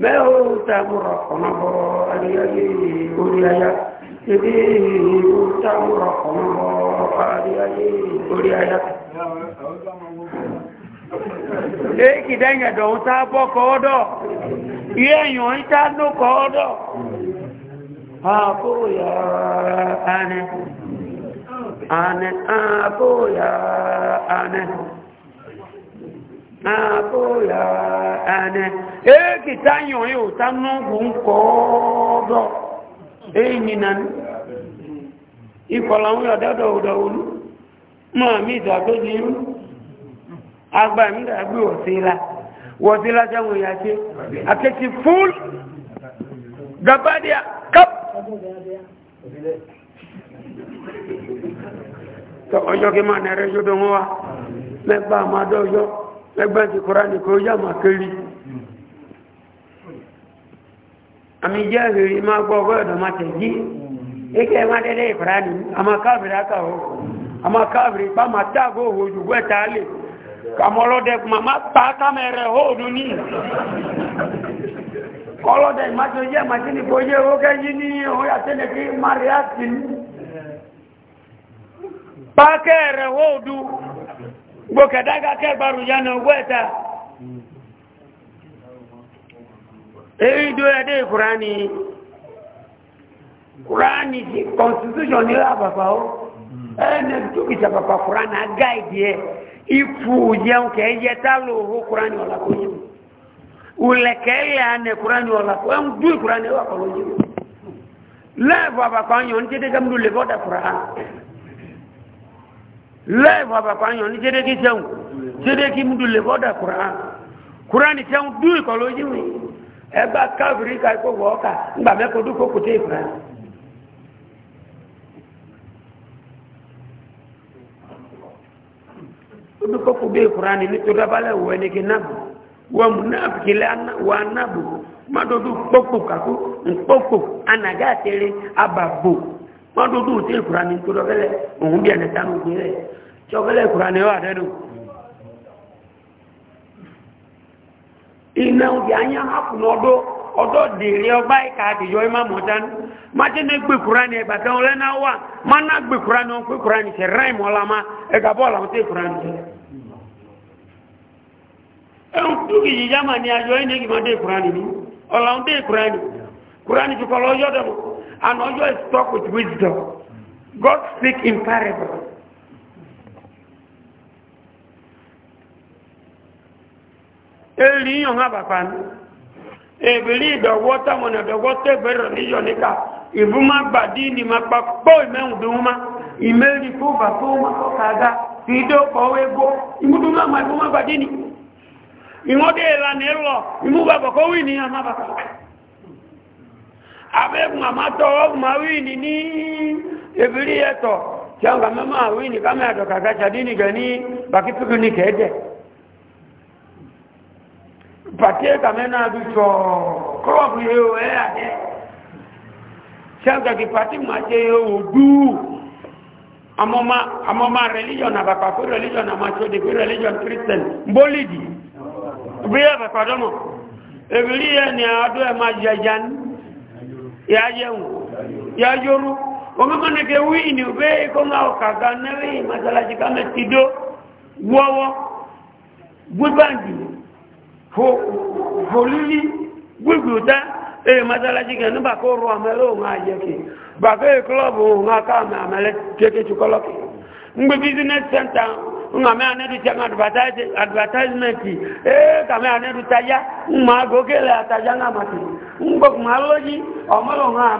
mẹ́wọ́ tàbùrọ̀ ọ̀nàbọ̀ àríyáyé orí ayá ibi ìwò tàbùrọ̀ ọ̀nàbọ̀ àríyáyé orí ayá léèkì dẹ́yẹ̀dọ̀ ń tá bọ́ kọ́ọ́dọ̀ iye èèyàn ń tá ló kọ́ọ́dọ̀ àkóyà ààrẹ ààrẹ ààkóyà ààrẹ àbóyà ẹni èkì táyàn yóò tánú gùn kọ́ọ́dọ̀ èyí nani ìkọ̀lá ń yọ dọ́dọ̀ ọ̀dọ̀ olú mọ́ àmì ìdàgbéjì irú agbá ìmúdàgbé wọ̀sílá wọ̀sílá jẹun ìyàṣẹ́ àkẹ́kì fúl gabadia kap ọjọ́ kí máa nẹ̀rẹ́ yóò dán wọ́n lẹ́gbẹ́ ti kúrá ní kó yá máa kéré àmì jẹ́ ìrírí máa gbọ́ ọgbọ́ ẹ̀dọ̀ máa tẹ̀jí ike máa dẹ́dẹ́ ìkúrá ní àmà káàbìrì akáwọ̀ àmà káàbìrì pa máa tààgó òhò òjògbó ẹ̀ta lè kàmọ́ ọlọ́dẹ kùmà máa pa gbókẹ̀dága kẹgbàrù yánà owó ẹ̀ta èyí dó ẹ̀dẹ́ ìkùránì kùránì sí constitution ní àbàbà ó ẹ̀nà tó kìí sàbàbà kùránì agáìdì ẹ̀ ipò yẹun kẹ́yẹ tálò owó kùránì ọ̀làkó yìí ulẹ̀kẹ́lẹ̀ anẹ̀ kùránì ọ̀làkó ẹ̀ ń dú ìkùránì ọ̀làkó yìí lẹ́ẹ̀bù àbàkọ́ yọ̀ ní tẹ́tẹ́ lẹ́ẹ̀fọ́ àpapọ̀ àyàn ní jẹ́dẹ́kí sẹ́hùn jẹ́dẹ́kí múdù lè bọ́dà kùrán kùrán ní sẹ́hùn dú ìkọlójú mi ẹgbà ka ikó wọ́ ọ̀kà ńgbà mẹ́kọ̀ọ́ dúkọ́ kò tẹ́ ìkùrán. dúkọ́ kò bẹ́ ìkùrán ní nítorí abalẹ̀ wọ ẹni nàbù wọ́n mú nàbù nàbù má dọ́dún wọn dúdú tí ìkùránì tó lọ́fẹ́lẹ̀ òun bí ẹ̀nẹ̀ta ń gbé rẹ̀ ṣọ́fẹ́lẹ̀ ìkùránì wà dẹ́nu iná òbí anyá hapùn ọdọ́ ọdọ́ dèrè ọgbá ìka àtijọ́ ìmá mọ̀tán májẹ́nà gbé ìkùránì ẹgbàtà ọlẹ́ náà wà máná gbé ìkùránì ọ̀pẹ́ ìkùránì ṣe ráìmù ọlámá ẹgbà bọ́ọ̀lù àwọn tó ìkùránì ṣe ẹ̀hún tó kìí jámà ní ajọ́ ìnẹ́gbẹ̀mọ́dé ìkùránì ní ọ̀làwọn tó ìkùránì ìkùránì ti kọ́ lọ́yọ́dọ̀mọ́ and Oyo is talk with wisdom. God speak in parables. Eli yon ha bapan. Ebili do wota mwana do wote bero ni yon nika. Ibuma badini makpapo ime uduma. Imeli kuba kuma kokaga. Ido kowe go. Imuduma maibuma badini. Imode elane lo. Imuba bako wini ya mabaka abe mama tɔ mawini ni ebili yɛ tɔ tiɲɛ ka mɛ mawini kame yɛ tɔ kaka tsadi ni gani baki tutu ni kɛ dɛ patie kame na du tsɔ kɔpu ye o ɛya dɛ tiɲɛ kaki pati ma tse ye o du amɔma amɔma religion na papa ko religion na ma tso de ko religion christian mboli di bi yɛ papa dɔmɔ ebili yɛ ni a do e yɛ ma jajan ya yau ya yoru wanga mana ke wi ni be ko nga o kaga na kama tido wowo gudbangi ho holili guguta e masala ji kan ba ko ro amelo nga je ke ba ke club nga ka ma amele ke ke chukoloke business center ngame anedu changa advertisement eh, kame anedu taja ataja ngamati ngok maloji nga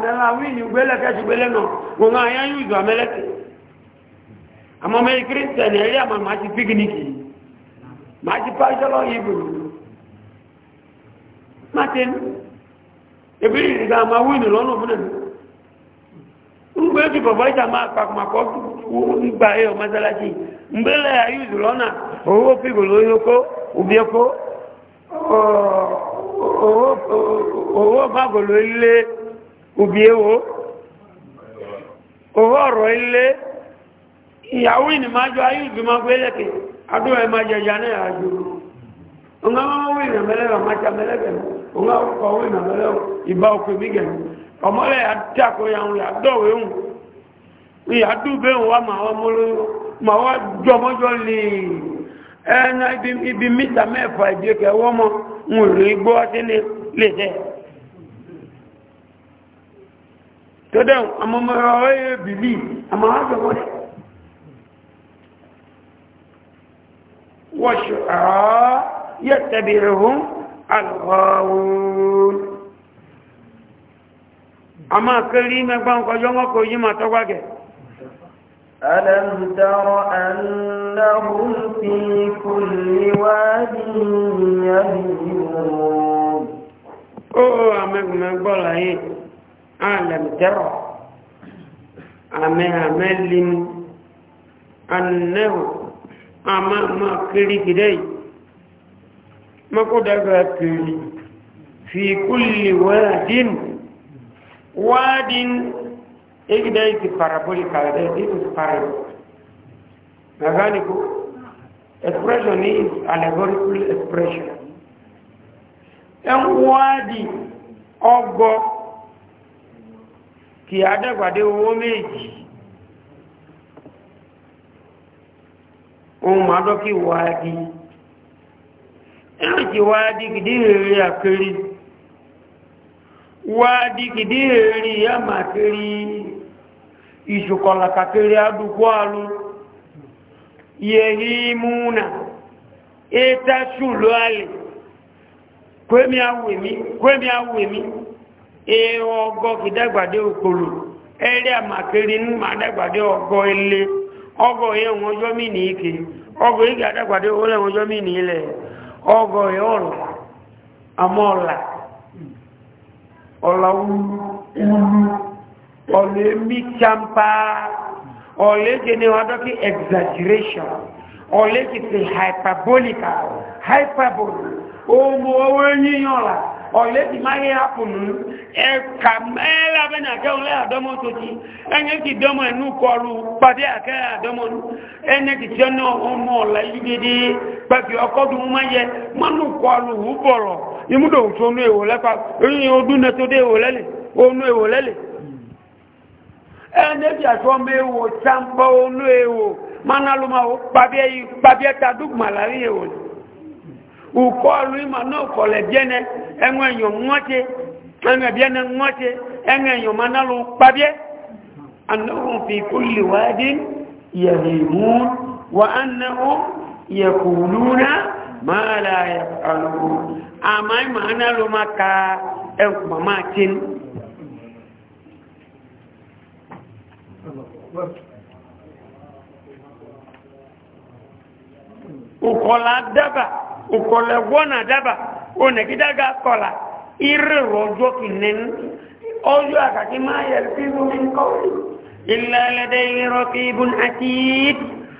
mela wini ubele kashi bele no nga ya yuzu ameleti ama me christian ele ama ibu matin ga ma wini lono bunen baba ita ma pak ko ngba e masalasi mgbele ya yuzu lona owo pigo loyo ko owo ma ile ubie wo owo oro ile ìyàwó ìní máa jọ ayé ìgbìmọ̀ gbélẹ̀kẹ̀ adúrà ẹmà jẹjà àjò win wọ́n ìbá òkè mígẹ̀ ọmọlẹ̀ ya yàwó yàdọ̀wé hùn ìyàdúgbé hùn wà máa wọ́n ma wá jọmọ́jọ́ lè ẹ̀yà ibi mítà mẹ́fà ìdíkẹ̀ wọ́n mọ́ ń rí gbọ́ sí lè tẹ́ tó dẹ̀ àmọ́mọ́rọ̀ ẹ̀yẹ bìlì àmọ́ àjọwọ́ dẹ̀ wọ́ṣù àá yẹ mẹ́gbọ́n kọjọ́ mọ́kọ̀ yí ma tọ́gbàgẹ̀ẹ́ ألم تر أنهم في كل واد يهيمون أوه أمك من قول ألم تر أمي أمل أنه أما ما كري كدي ما كدغا كري في كل واد واد Iki da iki parabolical, uh, this is parable. Mechanical expression is allegorical expression. Ẹnwọ́adì ọgọ́ kì adẹ́gbàdé owó méjì. Ohun adọ́kì wáadì. Ẹnìkì wáadì kìdí èrè àkèrè. Wáadì kìdí èrè yá màkèrè. ìṣùkọ̀lá kàkiri adùkú àlú yẹ̀hí múnà ètà ṣùlọ àlè kwémi awèmí kwémi awèmí èèwọ̀ ọgọ́ kìdágbàdé òkòlù ẹ̀rẹ́ àmàkiri ní màdágbàdé ọgọ́ ilé ọgọ́ mí ní ike ọgọ ilẹ̀ ọgọ́ ọ̀lẹ́ mi champa ọ̀lẹ́ jẹ́ ní ọdọ́ kí exaggeration ọ̀lẹ́ kì sí hyperbolical hyperbole ohun owó yíyàn là ọ̀lẹ́ kì máa yẹ àpùnú ẹ̀ka mẹ́lá bẹ́nà kẹ́hùn àdọ́mọ́ tó ẹni kì kọlu pàdé àkẹ́ àdọ́mọ́ ẹni kì tí ẹnẹ́bí àtọ́mọ ewò tàǹpọ̀ olú ewò mánàlùmọ́ pàbíẹ́ta dùgbà láàrin ewò ni ùkọ́ ọlú ìmọ̀ náà kọ̀lẹ̀ bíẹ́nẹ ẹ̀wọ̀n èèyàn ńwọ́tẹ́ ẹ̀wọ̀n bíẹ́nẹ ńwọ́tẹ́ ẹ̀wọ̀n èèyàn mánàlù pàbíẹ́ anáwọn fi lè mú máa ìmọ̀ ukola daba ukola wona daba onekidaga kola irrojo kinen ojo akaki ma yalfizu min qawli illa ladayhi raqibun atid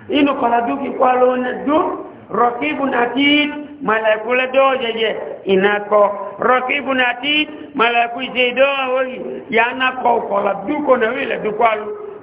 inu kola duki kwalo na du raqibun atid malakula doje je inako raqibun atid malaku je do hoyi yana ko kola duko na wile dukwalu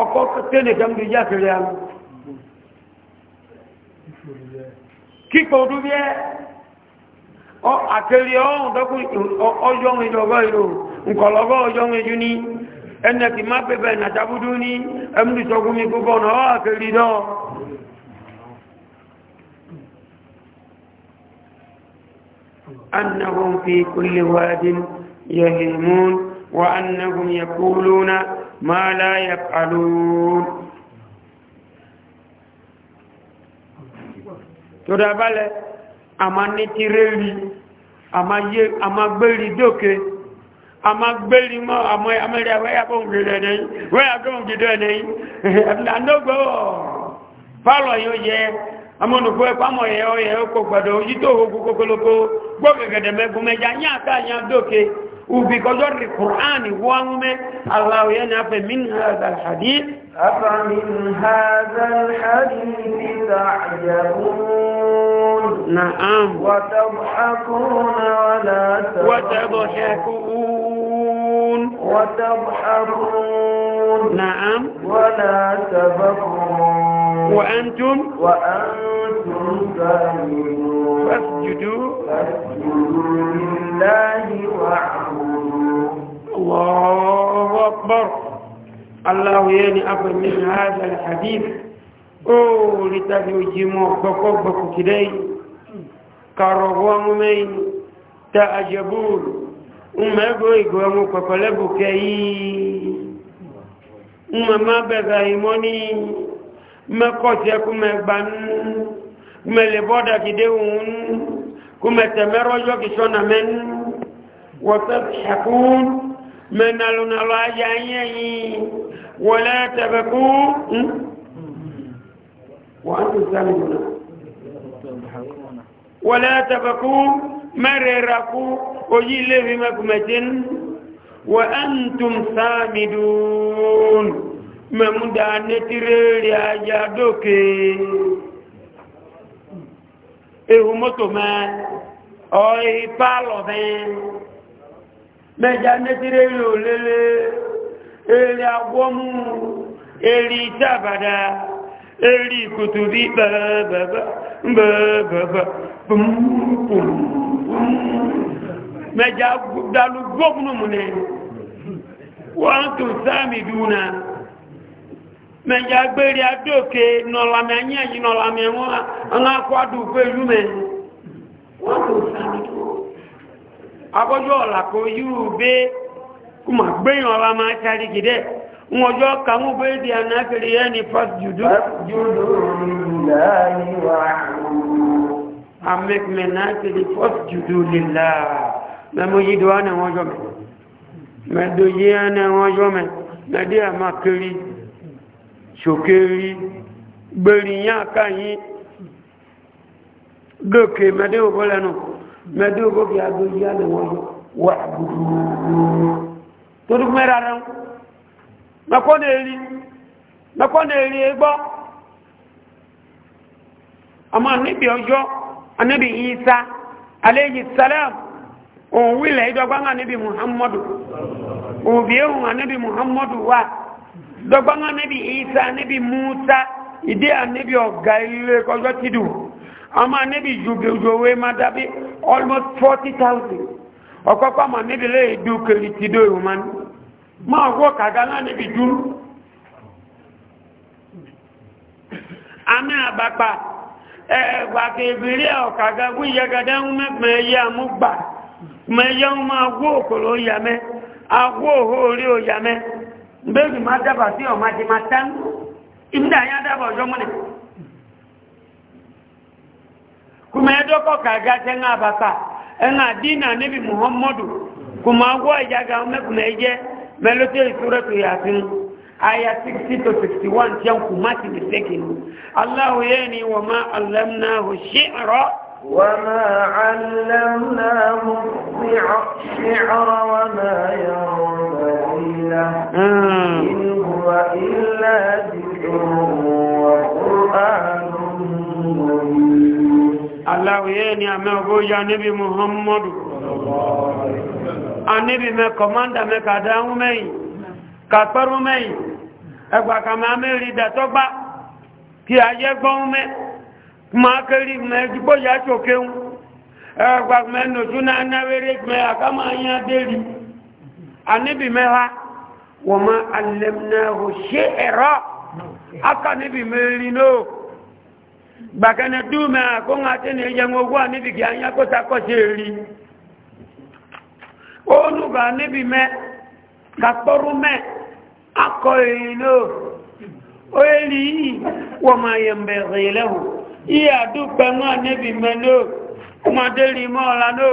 ọkọ̀ tẹ́lẹ̀ kẹ́mdù yá kiri ya kíkọ̀ ọdún bí ẹ́ àkèrè ọ̀hún dọ́kùn ọjọ́rin ìjọba ìlú nkọ̀lọ́gọ́ ọjọ́rin jú ní ẹnẹ̀kì má pẹ̀pẹ̀ ìnàtàbúdú ní ẹmdù sọgúnmi gbogbo ọ̀nà ọ́ náà ما لا يفعلون tọ́dá balẹ̀ a ma ní ti rẹ́rí a ma gbẹ́rí dókè a ma gbẹ́rí mọ́ àmọ́ amẹ́rẹ́ àwẹ́yàbọ̀ òǹdìdẹ̀ ẹ̀nẹ́yìn wẹ́yàbọ̀ òǹdìdẹ̀ ẹ̀nẹ́yìn àdógbò fálọ̀ yóò yẹ amọ́nùkú ẹ̀pámọ̀ yẹ ọyẹ ó kò وبقدر القرآن وهم الله ينفى من هذا الحديث أفمن هذا الحديث تعجبون نعم وتضحكون ولا وتضحكون وتضحكون نعم ولا تبكون وأنتم وأنتم سامدون فاسجدوا فاسجدوا لله واعبدوه الله أكبر الله يلي أكبر من هذا الحديث أو لتفجموا بكبك كدي كرغوام مين تعجبون أما يقول يقول كفلبك أما ما بغيموني ما قتلكم مبان ملبودا كدي ونو kuma temero yo kishona men وتضحكون من لنا يعني ولا تبكون وأنتم سامعون ولا تبكون مرركوا وجيل بمكمة وأنتم سامدون ممدان تريد أجادوكي ewu moto mɛ ɔyi paalɔ mɛ mɛdza netire yi o lele eli agbɔmu eli tabada eli kutubi bɛbɛbɛ bɛbɛbɛ pumpum mɛdza dalu gbɔkunu mu nɛ wɔn tun sáà mi duna mẹjọ agbèrè adóòkè nọlàmì anyé yìí nọlàmì wọn ọ̀nà akọ́dù pẹ̀lú mẹ wọ́n tó sáré tó abọ́jú ọ̀là kò yíwù bẹ́ kò mà gbẹ̀yìn ọ̀la máa sáré gidẹ́ ńwọ́jọ́ kàmú bẹ́ẹ̀ di anáfẹ́rẹ́ yẹn ní fọ́s jùdú. amẹ́kùnmẹ́ náà ti fọ́s jùdú lílá mẹ́mú yìí dùn án ní wọ́n jọ mẹ́ sokeri gberiyan aka mede gòkè mẹ́dẹ́gbogbo lẹ́nu mẹ́dẹ́gbogbo kí a gbé yá lè wọ́n wà gbogbo torí mẹ́ra rẹ̀ isa aléyìí salam òun wílẹ̀ ìjọba níbi muhammadu òbí ehun níbi muhammadu wa dɔgbɔŋɔ nebi isa nebi musa ìdí nebi ọ̀gá ilé kọjọ́ ti dù ọmọ nebi jòjòwe ma dábí almost forty thousand ọ̀kọ́kọ́ ọmọ nebi lè du kiri ti do ìwọ̀n ma máa wọ́ kàgánà nebi dúró àmì àbàpà ẹ̀ẹ̀gbà kèbìrí ọ̀kàgá wíyẹgẹdẹ́ ń mẹ́gbẹ̀ẹ́ yẹ àmúgbà mẹ́yẹ́ ń máa wó òkòlò yàmẹ́ àwọ̀ òhó orí mbéèdì máa dábàá sí ọmọ àti máa tán ìmúdà yá dábàá ọjọ́ múlẹ̀ kùmọ̀ ẹ̀dọ́kọ̀ kàga tẹ́ ń àbàkà ẹ̀ń àdínà níbi muhammadu kùmọ̀ ọwọ́ ìyága mẹ́kùnmọ̀ ẹ̀jẹ́ mẹ́lọ́tẹ́ ìṣúra tó yà 60 to 61 jẹ́ kùmọ̀ ti lè وما علمناه الشعر وما حيلة hmm. إن هو إلا ذكر وقرآن مبين الله يني أمه يا نبي محمد anibi me komanda me kadahu mei kaparu mei ẹgbà kàmà mẹ́rin ìdàtọ́gbà kí ayé gbọ́n mẹ́ máa kéré mẹ́ gbóyà ṣòkéhun ẹgbà nòtún náà náwéré mẹ́ àkámà yá dérí anibi mẹ́ha wọ́n ma alẹ́mnahu ṣe ẹ̀rọ aka níbi mẹ́rin náà gbàkẹ́nẹ̀ dúmẹ́ àkóhùn àti ní ẹjẹ ogun àníbi kí a ń yákóta kọ́sẹ̀ rí ó nùgbà níbi mẹ́ kàpọ́rú mẹ́ akọ èyí náà ó èlì yìí wọ́n ma yẹ lẹ́hùn iye àdúpẹ́ mọ́ níbi mẹ́ náà ọmọdé rí mọ́ ọ̀la náà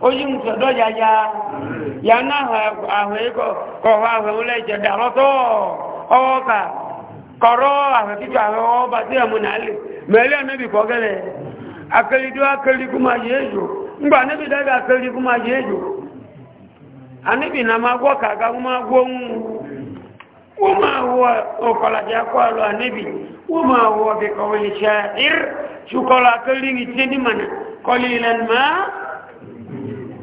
oyi nsọdọ yaya ya na ahụ ịkọ kọwa ahụ ụlọ ije darọtọ ọwọ ka kọrọ ahụ títọ ahụ ọwọ bàtí ẹmụ na alẹ mẹlẹ anabi kọgẹlẹ akelidu akeli kuma ejo mgbe anabi dabi akeli kuma ejo anabi na ma gwọ aga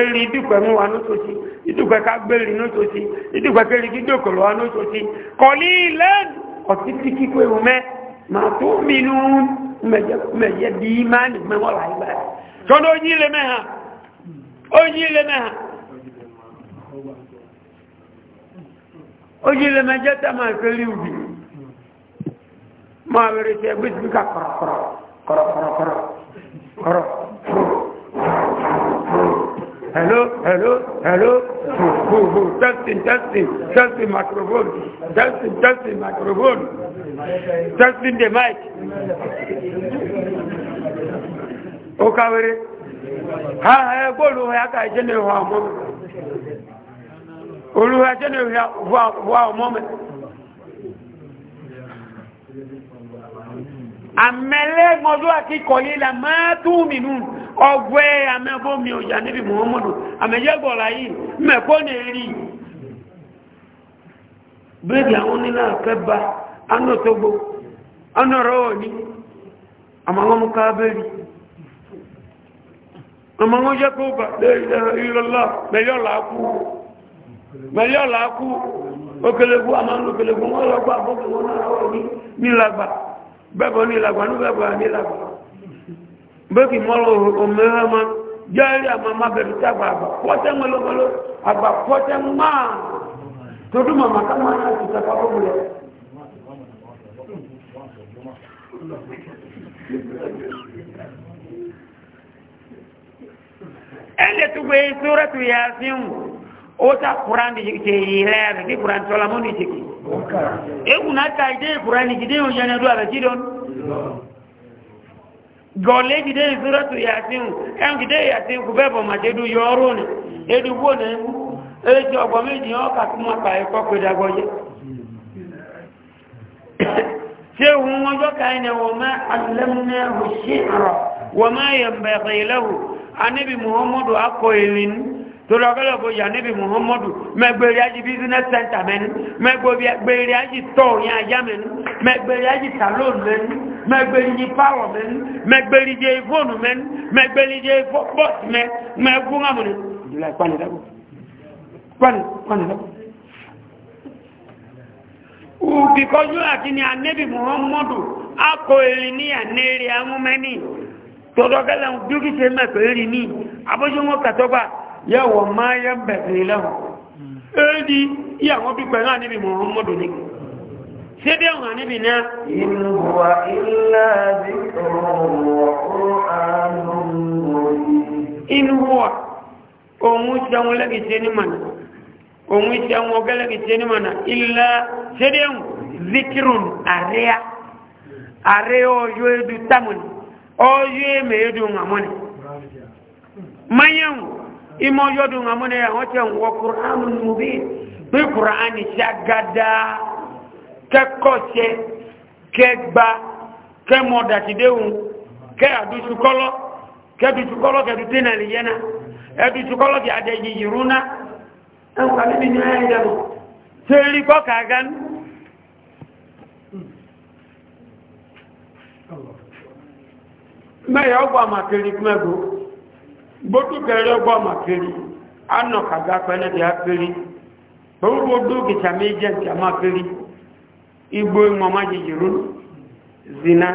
eri idukwe mu wa n'otosi idukwe kagbeli n'otosi idukwe keli ma ni mɛ wɔla yi ba yɛ tɔnu onyi le mɛ hã onyi le mɛ hã onyi le mɛ ubi hello, hello, hello, who, who, testing, testing, testing microphone, testing, testing microphone, testing the mic. Ó káwéré, ha ẹ gbóòlù ẹ̀ ká ìṣẹ́ ní ìwọ̀n àmọ́ mi. Olúwa ìṣẹ́ ní ìwọ̀n àmọ́ mi. Àmẹ́lẹ́ mọ́dún àti kọ̀yí là máa tún mìíràn. ọgbẹ́ amẹ́bọ́mi ọjà níbi muhammadu àmẹ́jẹ́gbọ̀lá yìí mẹ́kọ́ ní rí bẹ́ẹ̀dì àwọn onílà kẹba anọ́tọ́gbó anọ́rọ̀ òní àmàwọn káàbẹ̀rì àmàwọn jẹ́ kó bà wọn ní bẹ́ẹ̀bọ̀ mbeki molo omehama jali ama maberita baba pote mwelo mwelo aba pote mma toduma makama na tutakapo bule ende tugwe suratu yasin ota qur'an di ke yire di qur'an tola moni tiki e kuna kaide qur'an di de o jana do ala jidon gọ̀ọ̀lẹ́ jìdé ìsúrẹ́tù yàtíhùn káàkìdé yàtíhùn kò bẹ́bọ̀ màjẹ́dú yọ ọrún ní edugbo ya ẹgbú ẹjọ́ ọgbọ̀ méjì ọkà tó mọ́ pàá ẹkọ́ ṣe òun ọjọ́ káyìn wọ́n má alẹ́mùnẹ́hù sí ọ̀rọ̀ wọ́n má yẹ̀mbẹ̀rẹ̀ ìlẹ́hù anẹ́bì muhammadu akọ ìrìn torí ọgọ́lọ̀ bó yà níbi muhammadu business center ajá salon mẹgbẹlidze pawọ mẹ mẹgbẹlidze fóònù mẹ mẹgbẹlidze bọọsì mẹ mẹgbó ŋamọlẹ ìdílé kpani dàgbò kpani kpani dàgbò. ukikɔju ati ni anabi muhammadu akɔ eli ni aneri aŋumɛni tɔdɔkɛlɛ dukise mɛ kɔ eli ni abosoŋo katɔgba yɛ wɔ mayɛ bɛtɛ lɛ o eli yɛ wɔn bi pɛ ŋa anabi muhammadu ni sebe wọn níbi náà. ìlúwa ilá ìlúwa òun jẹun lẹ́gìtì ní mọ̀nà òun jẹun ọgẹ́ lẹ́gìtì ní mọ̀nà ilá sebe wọn zikirun àríyá àríyá ọjọ́ edu tamuni ọjọ́ èmè edu ńàmọ́ni mayan imọ́ yọdún ńàmọ́ni àwọn tẹ̀ ń wọ kùránù nùbí pé kùránù ṣàgádá. kẹkọsẹ kẹgba kẹmọ̀dàtìdéhùn kẹ́àdùsùkọ́lọ́ kẹ́dùsùkọ́lọ́ kẹ́dùtínàlì yẹna ẹdùsùkọ́lọ́ kí adẹ̀yìyì rúná ẹnkà níbi ní ẹ̀yẹ̀dẹ̀mọ̀ tí ó rí kọ́kà gan mẹ́yà ọgbà màkiri gbótú kẹrẹ igbo ìmọ̀má jìjìrú zina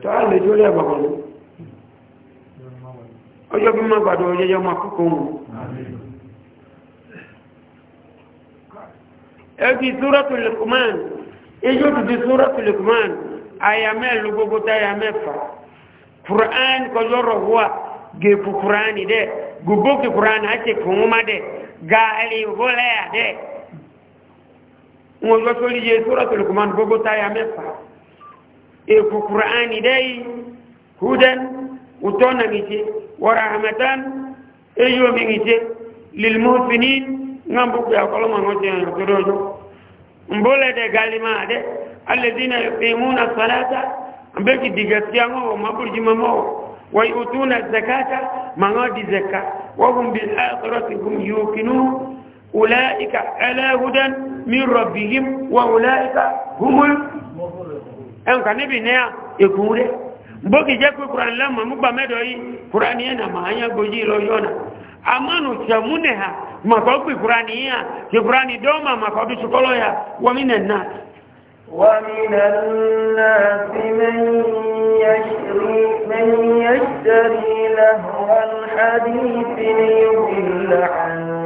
tó á lè jólẹ̀ bàbọ̀n ọjọ́ bí mọ́ gbàdọ̀ ọjọ́jọ́ máa kókò mú ẹgbì súrọ́tù lèkùmán ijó tùtù súrọ́tù lèkùmán ayamẹ́ ló gbogbo táyà mẹ́fà kùrán kọjọ́rọ̀ wà gẹ̀ẹ́kù kùrán dẹ̀ gbogbo kùrán àti kùnmọ́ dẹ̀ gaàlì ìwọlẹ́yà dẹ̀ ngonga soli je suratul kuman bogo taya mefa e ko qur'ani dai hudan utona ngiti wa rahmatan e yo mingiti lil muhsinin ngambu ya kala mo ngoti ngodo mbole de galima de alladhina yuqimuna salata ambeki digatia ngo maburji mamo wa utuna zakata mangodi zakat wa hum bil akhirati hum أولئك على هدى من ربهم وأولئك هم ẹn kà níbi ní ẹkùn rẹ̀ bókì jẹ́ pé kùrán lẹ́mọ̀ múgbà mẹ́dọ̀ yìí kùrán yẹn nà máa yẹn gbójí lọ yọ́nà amánu tẹ̀múnẹ̀ ha màkọ́ pè kùrán yìí hàn tí kùrán dọ́ọ̀mà màkọ́ bí sukọ́lọ́ ya wọ́mínẹ̀ náà. wọ́mínẹ̀ náà sí mẹ́yìn yẹ́sẹ̀rí lẹ́hùn alhadí sí ní ìwé làánú.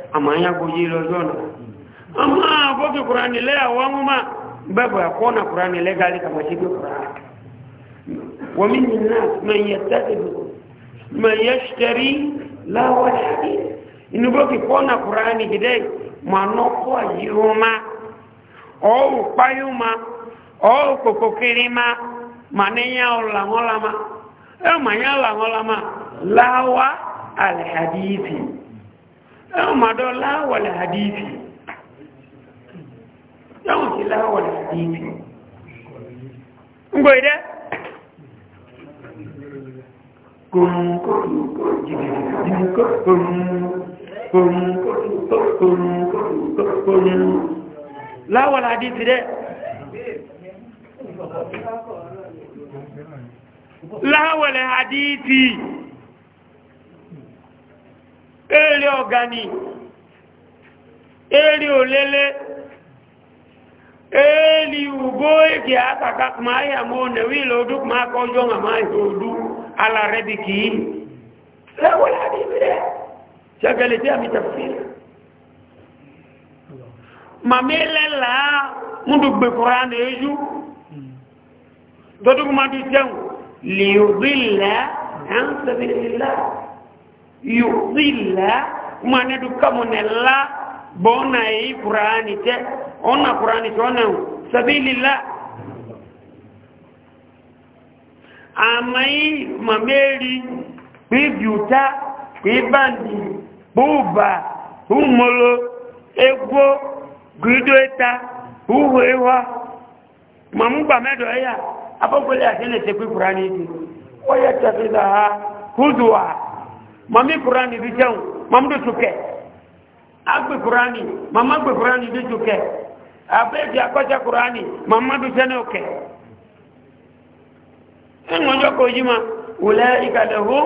àmọ́ ya kò yí lọ́jọ́ náà àmọ́ àbọ́kì kùránì lẹ́ àwọn ọmọ bẹ́bẹ̀ àkọ́nà kùránì lẹ́ gálí kàmàṣí pé kùránì wọ́n mi ní náà mẹ yẹ tẹ́tẹ̀lú mẹ yẹ ṣẹ́rí láwọ́ ṣẹ́rí inú bọ́kì kọ́nà kùránì gidẹ́ mà nọ́ kọ́ yí ọmọ ọ̀ọ́ páyọ́ ma ọ̀ọ́ yawon madọ láwọlẹ̀ hadithi yawon sí láwọlẹ̀ hadithi ngbò idẹ́ láwọlẹ̀ hadithi dẹ́ láwọlẹ̀ hadithi èrè ọ̀gànì èrè òlélé èrè ùgbó èkè àkàkà máa yà mọ́ nẹ̀wí ìlòdúk máa kọjọ́ máa ìlòdú alàrẹ́bì kìí lẹ́wọ̀n láti ìbẹ̀rẹ̀ ṣẹ́gẹ̀lẹ̀ tí a mi tẹ̀fẹ́ màmí lẹ́là yuzilla mwana duka munella bona yi qur'ani te ona qur'ani to ona sabilillah amai mameli bibiuta bibandi buba umolo egwo gwidoeta uwewa mamugba medo ya apokwele atene te qur'ani ti wayatakhidha huzwa mami kurani bi jẹun mamu do tu agbe kurani mama agbe kurani do tu kẹ abeji akọjá kurani mama do sẹni o kẹ ẹnwọjọ kò yí ma wòlẹ ìkàlẹwò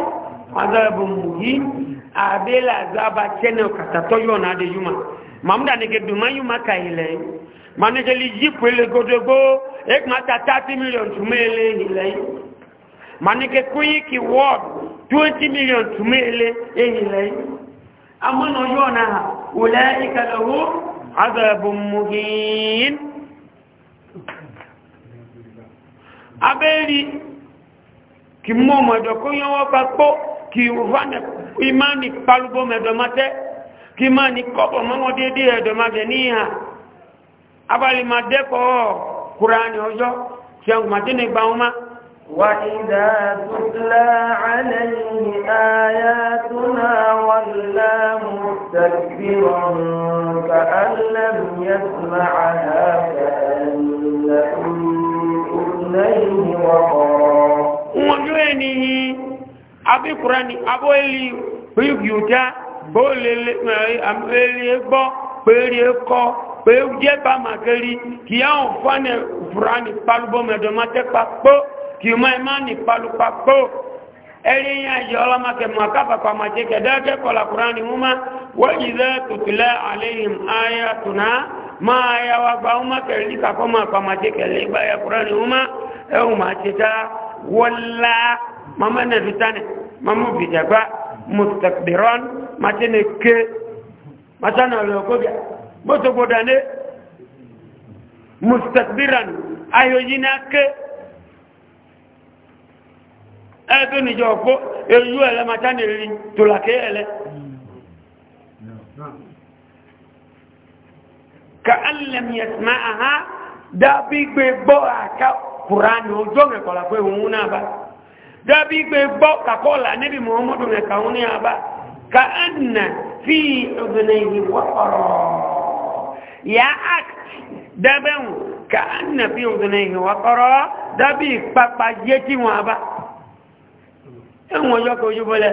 azabu muhi abela azaba sẹni o katatọ yọ na de yuma mamu dani ke duma yuma ka yi lẹ manekeli yi pele godogbo ekumata thirty million tuma ele yi lẹ manike kuyi ki ward 20 million tumele ehile amano yona ulaika lahu adhabun muhin abeli kimomo do kunyo wapapo ki ufane imani palubo medomate kimani kobo mamo dede edomage niha abali madeko kurani ojo kyangu matene gbauma وإذا تتلى عليه آياتنا ولى مستكبرا كأن لم يسمعها كأن أذنيه وقرا وجوينه أبي قراني أبو إلي بيوتا بولي أمريلي بو بيري pé jẹ́ bá màkẹ́rí kí á ń fánẹ̀ fúra ní pálúbọ́mẹ́dọ́mátẹ́pá pọ́ tìmọ̀ ẹ̀ máa ní palupapọ̀ ẹ̀rí yẹn àjẹ́ ọlọ́màkẹ́ mọ̀ akápapọ̀ àmàjẹ́ kẹ̀dẹ́gẹ́ kọlà kúránì mú má wọ́n yìí lẹ́ tòtìlẹ́ àléhìn ayá tùnà máa yà wá gba ọmọ kẹ̀lí kakọ́ máa pa àmàjẹ́ kẹ̀lé báyà kúránì mú má ẹ̀hùn máa ti ta wọ́lá mama nàbí tánì mama bìjàgbá mùsùlùmíràn màtí ni ké màtánà lọ́kọ́bíà bó tó gbọdọ̀ ní mùsùlùmíràn ayọ̀ yìí ní ẹgbẹ́ níjọ ọ̀pọ̀ èyú ẹ̀lẹ́ máa jáde rí tòlàkẹ́ ẹ̀lẹ́ ka alẹ́mì ẹ̀sìnmá àhá dábí gbé gbọ́ àká kùránì ojú ọ̀rẹ̀kọ̀lá pé òun náà bá dábí gbé gbọ́ kàkọ́ọ̀lá níbi mọ̀ọ́mọ́dún ẹ̀ka òun náà bá ka ẹ̀wọ̀n ọjọ́ kò ojú bọ́lẹ̀.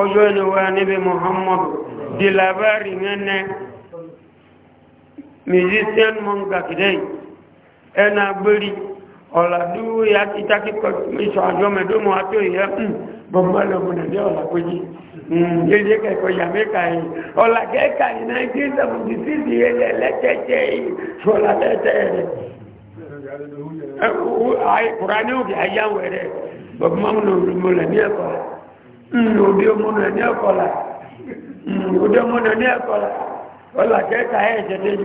ọjọ́ ni wà níbi muhammad di labari ngẹ́nẹ́ musician monga kìdẹ́ ẹ̀nà agbérí ọ̀làdú ya ti tákì ìṣọ̀ àjọ mẹ́dọ́mọ̀ àti òyìnbó bọ̀mọ́lọ́mọ́nà dé ọ̀làpẹ́jì yeye kẹkọọ yamẹka yìí ọlàkẹkà yìí nineteen seventy six yìí ẹlẹtẹtẹ yìí fọlá tẹtẹ yìí. kùránì òkè ayáwẹ̀ rẹ̀ bọ̀bọ̀mọ́ mo lẹ̀ ní ẹ̀kọ́ la òbí ọmọ lẹ̀ ní ẹ̀kọ́ la òbí ọmọ lẹ̀ ní ẹ̀kọ́ la ọlà kẹta ẹ̀ ní yìí rẹ̀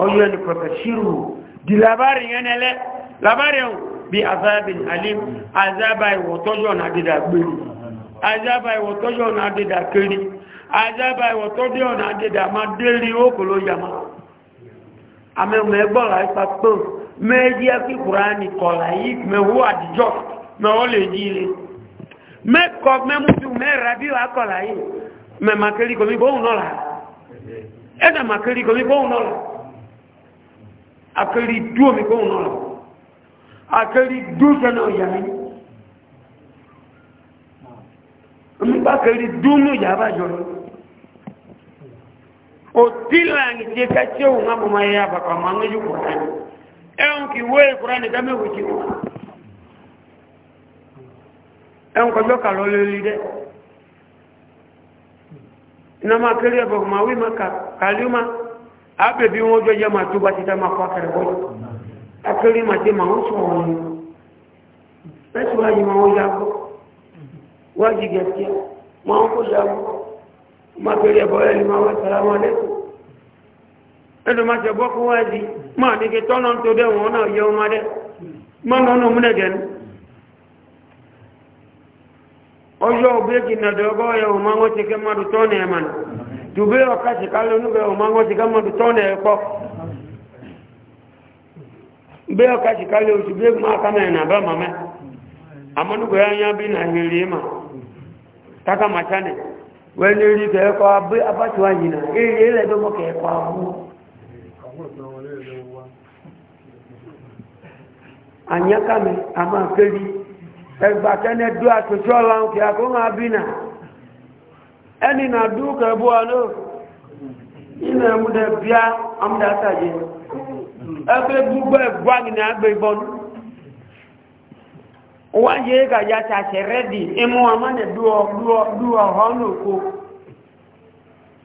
ọyọ́ ẹni pẹ̀pẹ̀ sírù di labarin enele labarin bi azabin alim azabai wotojo na dida gbiri azabai wotojo na dida kiri azabai wotojo dida ma deli okolo yama ame me gbola ipa to me di aki qurani kola yi me hu adijo me o le jire me ko me mu ju me rabi wa kola yi me makeli ko mi bo unola eda makeli ko mi Akeri dúó mi kóhùn náà lọ akẹ́rí dúó sẹ́nà ọ̀yà yìí nígbà kẹ́rí dúó ní ọ̀yà bá jọ lọ òtí lànà tí ká tí òun á mọ̀mọ́ ẹ̀yà bàbá máa ń yí kùrá ní ẹ̀hùn kì wé ìkùrá ní dámẹ́wò tí wọ́n ẹ̀hùn kọjọ́ kà lọ lórí dẹ́ iná máa kéré ẹ̀bọ̀ máa wí máa kàlí máa abẹ̀bí wọn jọjọ́ máa tó bá ti dá máa kọ́ akẹ́rẹ̀ bọ́ akẹ́rẹ́ máa dé máa ń sọ wọn ni pẹ́sù wáyé máa ń yá bọ́ wájú gẹ̀ẹ́sì máa ń kó yá bọ́ máa kéré ẹ̀bọ́ ẹni máa wá sàlámù alẹ́kùn ẹnu máa ṣe bọ́ fún wáyé máa ní kí tọ́nà tó dé wọn náà yẹ wọn dẹ máa ń lọ́nà múnẹ̀ dẹ́nu ọjọ́ òbí dọ́gọ́ yẹ wọn máa ń wọ́n ti kẹ́ máa dùn tọ́nà ẹ̀ máa tùbí ọ̀ká ṣìkálò onúbẹ̀ ọmọ wọn ti gámọ́ tọ́nà ẹ̀pọ̀ bí ọ̀ká ṣìkálò òṣùgbé máa kámẹ̀ ìnàbá mamẹ́ àmọ́núgbẹ̀ yányá bí na ìrì mà tákà máa ṣánẹ̀ wẹ́n ní rí kẹ́ẹ̀kọ́ abáṣíwá yìí nà èrè ẹlẹ́dọ́gbọ́ kẹ́ẹ̀kọ́ àwú àyákàmẹ́ àmà kéri ẹgbàkẹ́ni ẹdú àṣòṣọ́ ọ̀la ń kí akó máa bí nà ẹni na dúkà ẹbú aló iná ẹmúdẹ bíá ọmọdé àtàjẹ ẹgbẹ́ gbogbo ẹgbà ní agbẹ́ ìbọn wọ́n yẹ gàjá tàṣẹ rẹ́dì imú amánẹ̀ dúọ ọ̀hánà òkú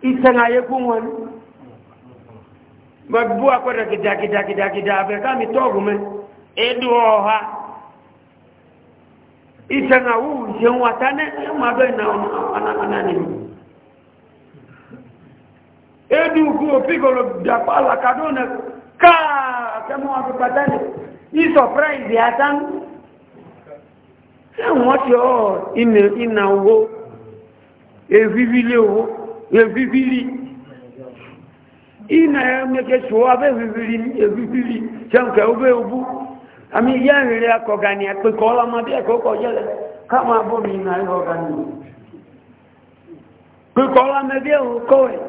ìtẹ̀nà ayékú wọn gbogbo akọ́dọ̀ gidagidagidagida abẹ́kámi tọ́ọ̀gù mẹ́ ẹ̀dù ọ̀há ìtẹ̀nà wù jẹun àtànẹ́ edu ukwu kaduna kaa kemụ akpụkpatani isọpraịzi ya tan ẹ̀wọ̀n ti evivili owó evivili ìnà ẹ̀mẹ́kẹ́ ṣòwò abẹ́ evivili evivili ṣẹ́nkẹ́ ó bẹ́ ogú àmì ìyá ìrìnlẹ̀ akọ̀gà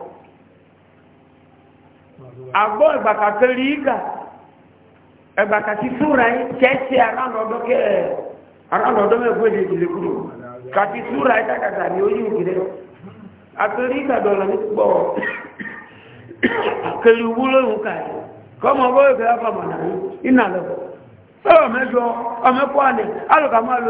agbọ́ ìgbàkà kẹrì ìgà ìgbàkà ti súra yìí kẹ́ẹ̀sì aránàdọ́ mẹ́fún èdè ìdílé kúrò kàti súra yìí takàtà ní oyí òkèrè akẹrì ìgà dọ̀là ní pọ̀ kẹrì wúlò ìwúkà yìí kọ́mọ ọgbọ́ ìgbà fàmà náà iná lọ sọ́rọ̀ mẹ́jọ alùkà máa lo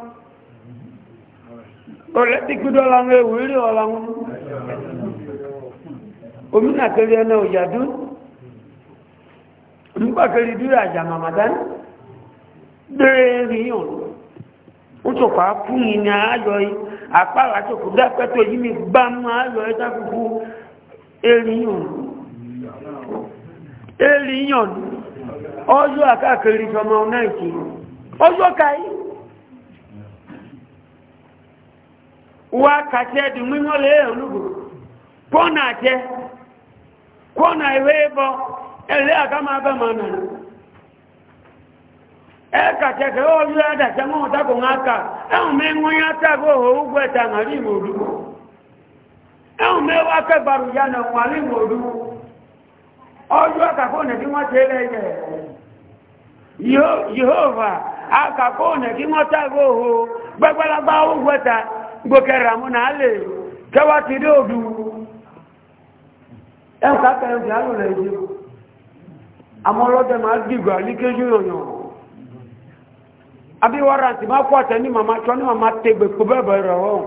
ọlẹ́tìkú dọ́la ń ewu rí ọ̀la ń omínà kiri ẹ̀nà òjàdú nígbà kiri dúró àjà màmàdán bẹ́ẹ̀ ríyàn ó tó fún yìí ní ayọ̀ yìí àpáàlà dápẹ́tọ̀ yìí mú ẹ̀ dákùkù ọjọ́ náà ọjọ́ káyìí wa kàtẹ́ dùn mímọ́ lé olúgbò kọ́nà jẹ́ kọ́nà ìwé bọ́ ẹ̀lẹ́ àkámà bẹ́ ma nà ẹ kàtẹ́ kẹ́ ó yú àdàtẹ́ mọ́ ọ̀tàkùn aka ẹ̀hùn mẹ́ wọ́n yá tàbí òhò ugbó ẹ̀ta àrí ìmò olúgbò ya nà wọ́n àrí ìmò yehova gbókẹ ràmú náà lè kẹwàá ti dé òdu ẹ̀ka kẹrin fi àlò rẹ̀ yìí àmọ́ ọlọ́dẹ máa gbìgbà ní kéjú yọ̀yàn abíwárà tí máa kọ́ àtẹ ní màmá tọ́ ní màmá tẹgbẹ̀ kó bẹ́ẹ̀ bẹ́ẹ̀ rẹ̀ wọ́n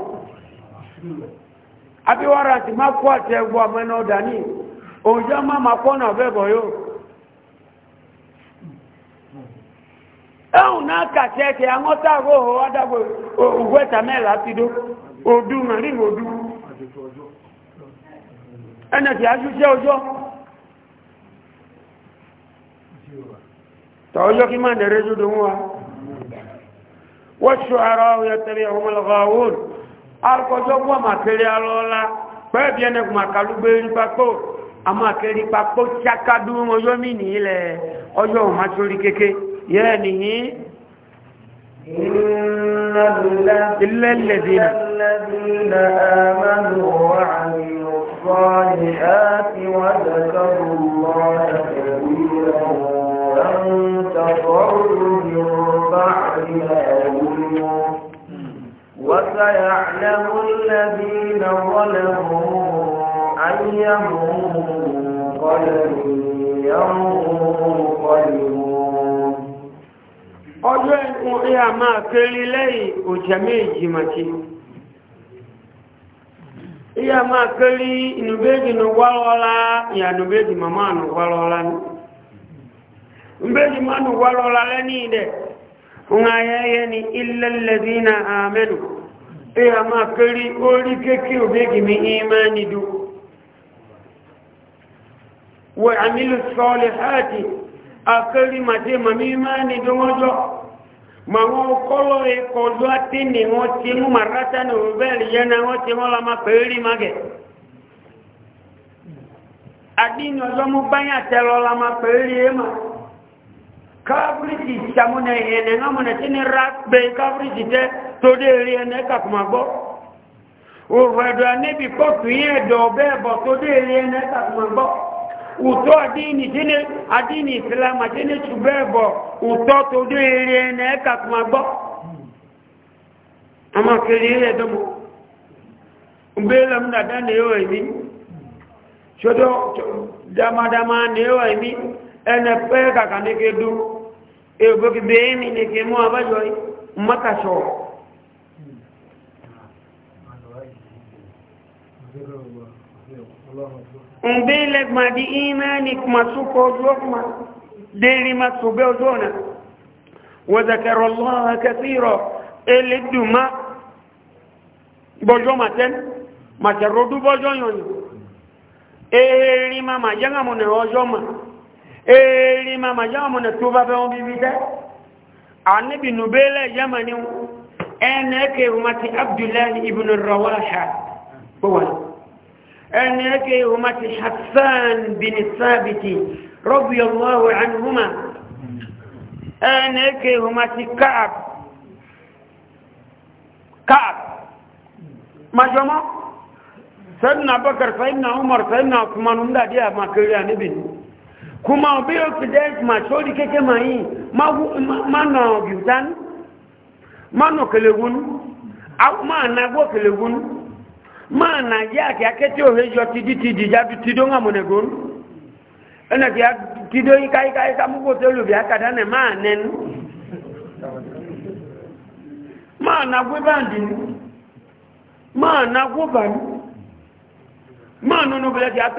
ahụ na kàṣẹ ẹ̀kẹ́ àwọ́ta àwòhò adágbò ògùn ẹ̀ta mẹ́lá ti dó òdú màrín odu ẹnà tí a ṣúṣẹ́ ọjọ tọ́ ọjọ́ kí máa dẹ̀rẹ́ jùdó wọn wọ́n ṣọ ara ọ̀yọ́ tẹ́lẹ̀ ọmọ lọ́gọ́ àwọn alùpọ̀jọ́ pọ̀ màkèrè ọjọ́ mí ọjọ́ يعني إلا الذين الذين آمنوا وعملوا الصالحات وذكروا الله كثيرا وانتصروا من بعد ما وسيعلم الذين ظلموا أي منقلب ينقلبون ọjọ́ ẹ̀kùn rí a máa kéré lẹ́yìn òjá méjì màtí rí máa kéré ìnùbéjì nù wálọ́lá ìyànùbéjì màmá nù wálọ́lá ní ìbéjì má nù wálọ́lá lẹ́ní ìdẹ̀ ń ayẹyẹ ni ilẹ̀lẹ́bí na àmẹ́nu rí máa kéré orí kéèké òbéjì mi ìmẹ́ nìdú akeli made mamima ni dongojo mawo kolo e kodo atini ngoti mu marata no veli yana ngoti mola mapeli mage adini ozo mu banya telo la mapeli ema kabri ti chamune ene no mona tini rak be kabri ti te todi eliene kak mago o vadwa ne bi pokuye do be bo todi eliene kak mago utọ adini jene adini islam jene tubẹbọ utọ tó dé eré ẹnẹ ẹka kuma gbọ ama kele yẹ dọmọ nbẹ lẹmu dada ne yọ ẹmi tsodo damadama ne yọ ẹmi ẹnẹ pẹ kaka ne mbele madi imani kumasuko ojoma deli masube ojona wa zakara Allah kathira eliduma bojoma ten macharodu bojoyon eri mama janga mone ojoma eri mama janga mone tuba be on bibita anabi nubele yamani ene ke umati abdullah ibn rawaha bawala ẹni ẹkẹ ìhùmá ti hassan bin sábìtì rọ́bì ọlọ́wọ̀ àníhùmá ẹni ẹkẹ ìhùmá ti káàb káàb majọmọ́ sẹ́yìn náà bọ́kàr sẹ́yìn náà umar sẹ́yìn náà kuma nù dàdí àmàkiri àníbì kuma bí ó ti dẹ́ ma sórí ma yìí ma nà ọ̀gìtán ma nà kẹlẹ̀gún ma nà gbọ́ kẹlẹ̀gún máa nà yá kí akété òhe yọ tìdítìdì jáde tìdó ńà mọ̀nẹ̀gọ́n ẹnà kí tìdó yíká yíká yíká mú kóso olùbí akadá nà máa nẹnu máa nà gbé báńdì ni máa nà gbó bàní máa nùnú bẹ̀rẹ̀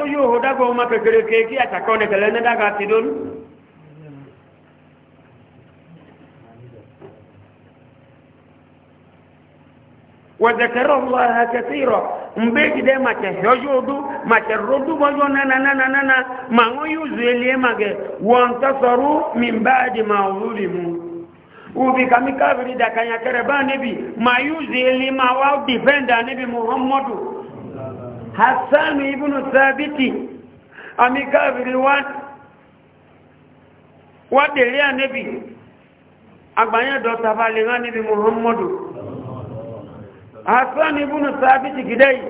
kí وذكر الله كثيرا مبيك ده ما تهجودو ما تردو بجو نانا نانا نانا ما هو يزيلي مغي وانتصروا من بعد ما ظلموا ubi kami kafiri da kanya kere ba nabi ma yuzeli ma wa defender nabi muhammadu hassan ibn thabiti ami kafiri wa wa dele nabi agbanya do tabale nabi muhammadu asani ibn sabiti gidai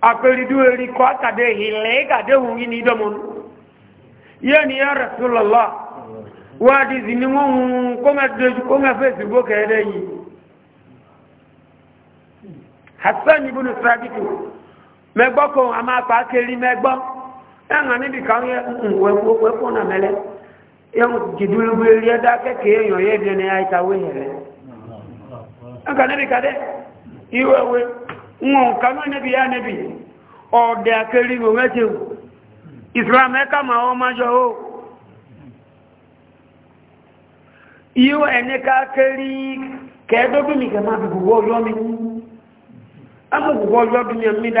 apelidu eri ko akade hile kade hungi ni domon yani ya rasulullah wa di zini won ko ma de ko ma facebook ede yi hasan ibn sabiti me gbo ko ama pa keri me gbo en ni bi kan ye we we ko na mele yan jidulu eri da ke ke yan ye bi ni ta we hele an kan ni kade iwewe nwa nka na nebi ya nebi ọdẹ akẹ́rí ìwò mẹ́tẹ̀ islam ẹka e ma ọ ma jọ ó iwe ẹnẹ́ka akẹ́rí kẹ́ẹ́dọ́gbìmì kẹ́ máa fi gbogbo ọjọ́ mi á gbogbo ọjọ́ dị mi mmiri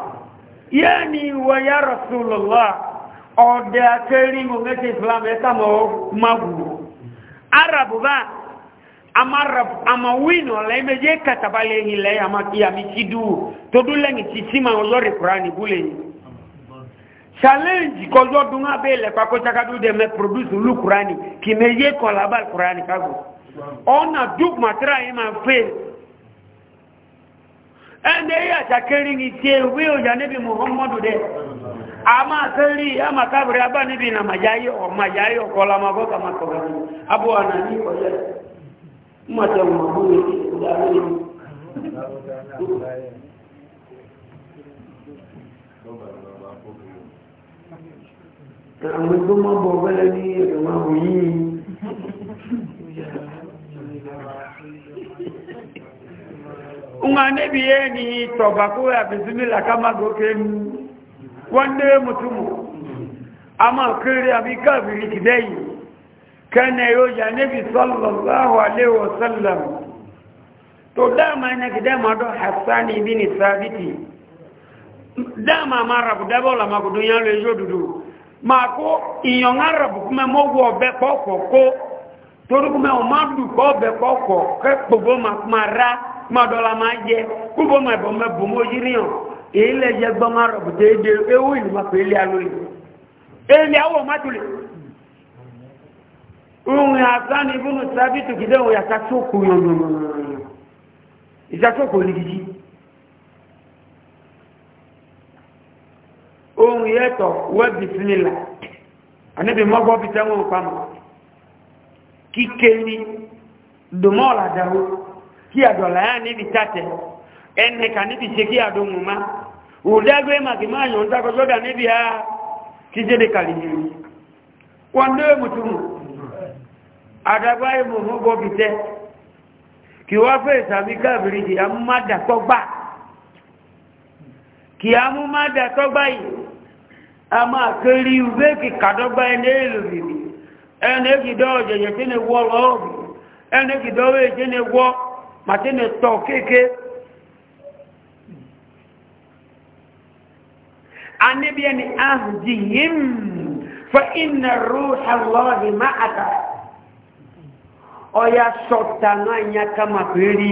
yani wa ya rasulullah ọdẹ akẹ́rin gọ̀gẹ́sì islam ẹ kàmọ́ magwù Arabu bá amawino lẹ́mẹ́jẹ́ katabalẹ̀ ilẹ̀ yàmì tí dúwò tó dún lẹ́yìn tí sí ma ọjọ́ rẹ̀ kúrò ní búlẹ̀ yìí challenge kọjọ́ dún abẹ́ ilẹ̀ pàkó sakadu dẹ̀ mẹ́ produce lu kúrò ní kì mẹ́yẹ́ kọ̀lábà kúrò ní kágò ọ̀nà dúkùmọ̀tìrà yìí máa fẹ́ ẹni èyí àṣàkẹ́rí ni tí ewé òyà níbi muhammadu dẹ a máa kẹ́rí a máa kábìrì abá níbi ìnà màjáyé ọmọjáyé ọkọlá máa bọ́ kàmà kọ̀ọ̀rọ̀ abúwà náà ní ọjọ́ mọ̀tẹ̀ mọ̀búwé ìdáwé àwọn tó mọ́ bọ̀ bẹ́lẹ̀ ní ẹ̀rọ máa wòyí Nga nebi ye ni toba ko ya bismillah kama goke wande mutumu ama kiri abi kafiri kidai kana yoja nebi sallallahu alaihi wasallam to dama ina kidama do Hassan ibn Sabiti dama mara dabola makudunya le jodudu mako iyan arab kuma mowo be kokoko torukume o madu ko be kokoko ke gbogbo ma ra ma dɔla ma jɛ kubo ma bɔ ma bomo yiriyan èyí lɛ jɛ gbɔma rɔbu tɛ de ewu ìlú ma pèlè alo yi èyí awɔ ma tuli ohun asani ibunu sabi tukide ohun yasa soko yɔnyɔnyɔnyɔ yasa soko ligidi ohun la dawo. kí àdọ̀là yá níbi tàtẹ̀ ẹnìkà níbi ṣe kí àdó mú má òdágbé màkì máa yàn dákọ̀ níbi ha kí jẹ́ dẹ̀kàlì yìí wọ́n lé mùtùmù àdàgbà ìmù mú bọ́bì tẹ́ kí wá fẹ́ ìsàmì káàbìrì kì á mú a màtínú tọ́ kéèké anábí ẹni ahùjì yìí fẹ́ iná rú àlọ́ọ̀hì má àtà ọya sọ̀tà náà yá ká mà pé rí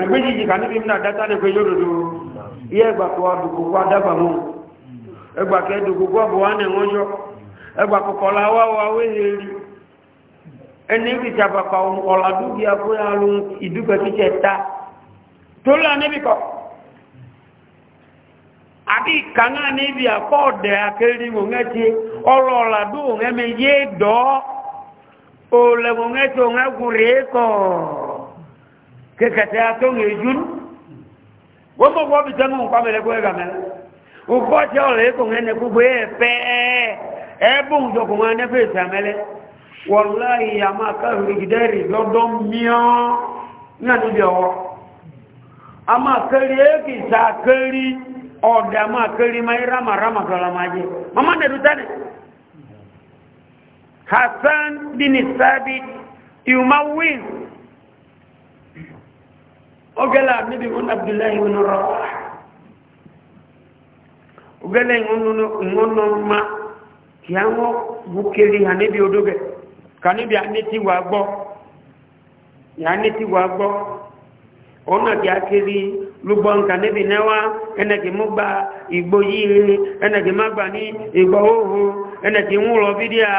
ẹgbẹ́jìjì kàníbi ní àdátá ní pé lódòdó yẹ́ ẹgbà kọ́ àdùkù kọ́ adábàmọ́ ẹgbà kẹ́ àdùkù àbúwá náà yọ́ ẹgbà kọkọlá wá wá wéyèrè ẹni ìgbìjà pàpà ọ̀là dúkìá kó yà ló ìdúgbẹ̀ kíkẹ́ ta tó là níbi kọ àbí kàná níbi àkọọ̀dẹ̀ akéré mò ń ti ọlọ́ọ̀là dùn ẹ̀mí yé dọ́ òòlẹ̀ mò ń ti òun ẹ̀gùn rèé kọ̀ kékẹ̀tẹ̀ àtọ́hùn èjú wọ́n mọ̀ wọ́n fi jẹ́ nǹkan mẹ́lẹ́kọ́ ẹ̀gà mẹ́lẹ́ òkú ọ̀tí ọ̀lẹ́ kò ń ẹni gbogbo ẹ̀ pẹ́ẹ́ ẹbùn tó kùnmọ́ ẹnẹ́fẹ́ ìsàmẹ́lẹ́ wọláyé àmọ́ akẹ́rù ìdẹ́rì lọ́dọ́ mìíràn náà níbi ọwọ́ a máa kẹ́rì éèkì sàkẹ́rì ọ̀dà máa kẹ́rì máa rámà rámà sọ́la mama ma tí àwọn bukeri hàn níbi odógẹ kà níbi anétíwà gbọ́ anétíwà gbọ́ ọ̀nà kí a kiri lúgbọ́ nǹkan níbi náwà ẹnẹ̀kì mú gba ìgbò yíire ẹnẹ̀kì má gbà ní ìgbà òhù ẹnẹ̀kì ń lọ fídíà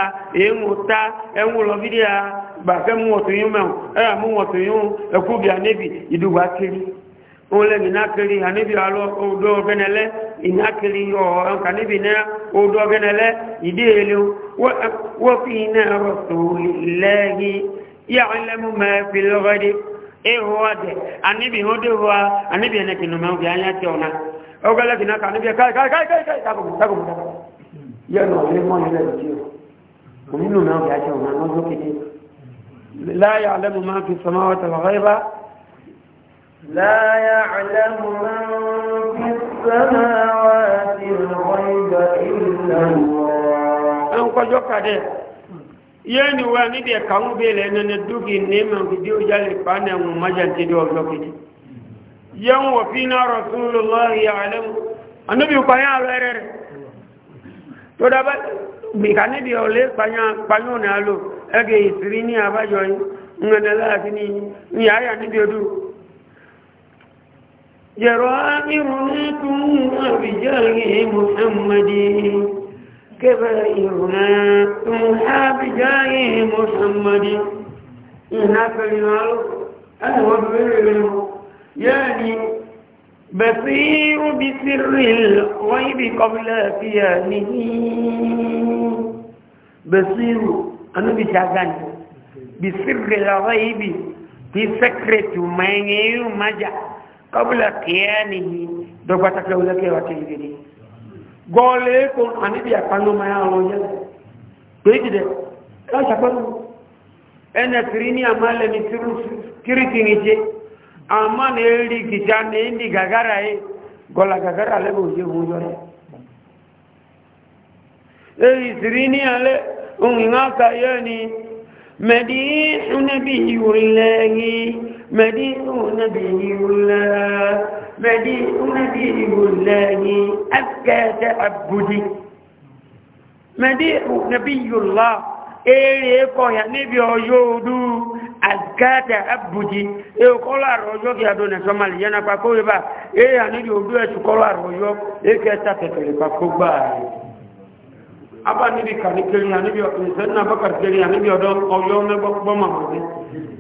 èémù ta ẹ̀ń fídíà mú yún mẹ́wọ̀n mú yún ole minakili hanibi alo odo o kanibi na odo genele idele wa fi na rasulillahi ya'lamu ma fil ghadi ehwade anibi hode wa anibi na kinu ma ga anya ti ona ogala kina kanibi kai kai kai kai kai tabu tabu ya no e le mo le ti o minu na ga ti ona no zo kiti la ya'lamu ma fi samawati ghaiba لا يعلم من في السماوات الغيب إلا الله أنك جوكا دي wa níbi ẹ̀ka ń bèèrè ẹnẹni dúkì nímọ̀ ìdí òjá lè pàánà ẹ̀wọ̀n májàntí ní ọjọ́ kìí yẹn wọ̀ fi náà rọ̀ tún lò lọ́rì àlẹ́mù جرائركم وبجاه محمد كبائرنا تمحى بجاه محمد هناك النار الوبر يعني بصير بسر الغيب قبل قيامه بصير أنا بشاغان بسر الغيب في سكرة ما يمجأ kabula kiyanihi dogbata ke uleke wa kelgeni gole ko anibi apango maya loje beji de ka shaparu ene kirini amale ni tiru kiriti ni je amane eli kijane indi gagara e gola gagara le bo je bo yore ei sirini ale unga ka yeni medi unabi yurillahi مدينه نبيه الله مدينه نبيه الله أزكى تعبدي مدينه نبي الله ere ko ya nibi oyo du azkata abuji e ko la rojo ki ado na somali yana pa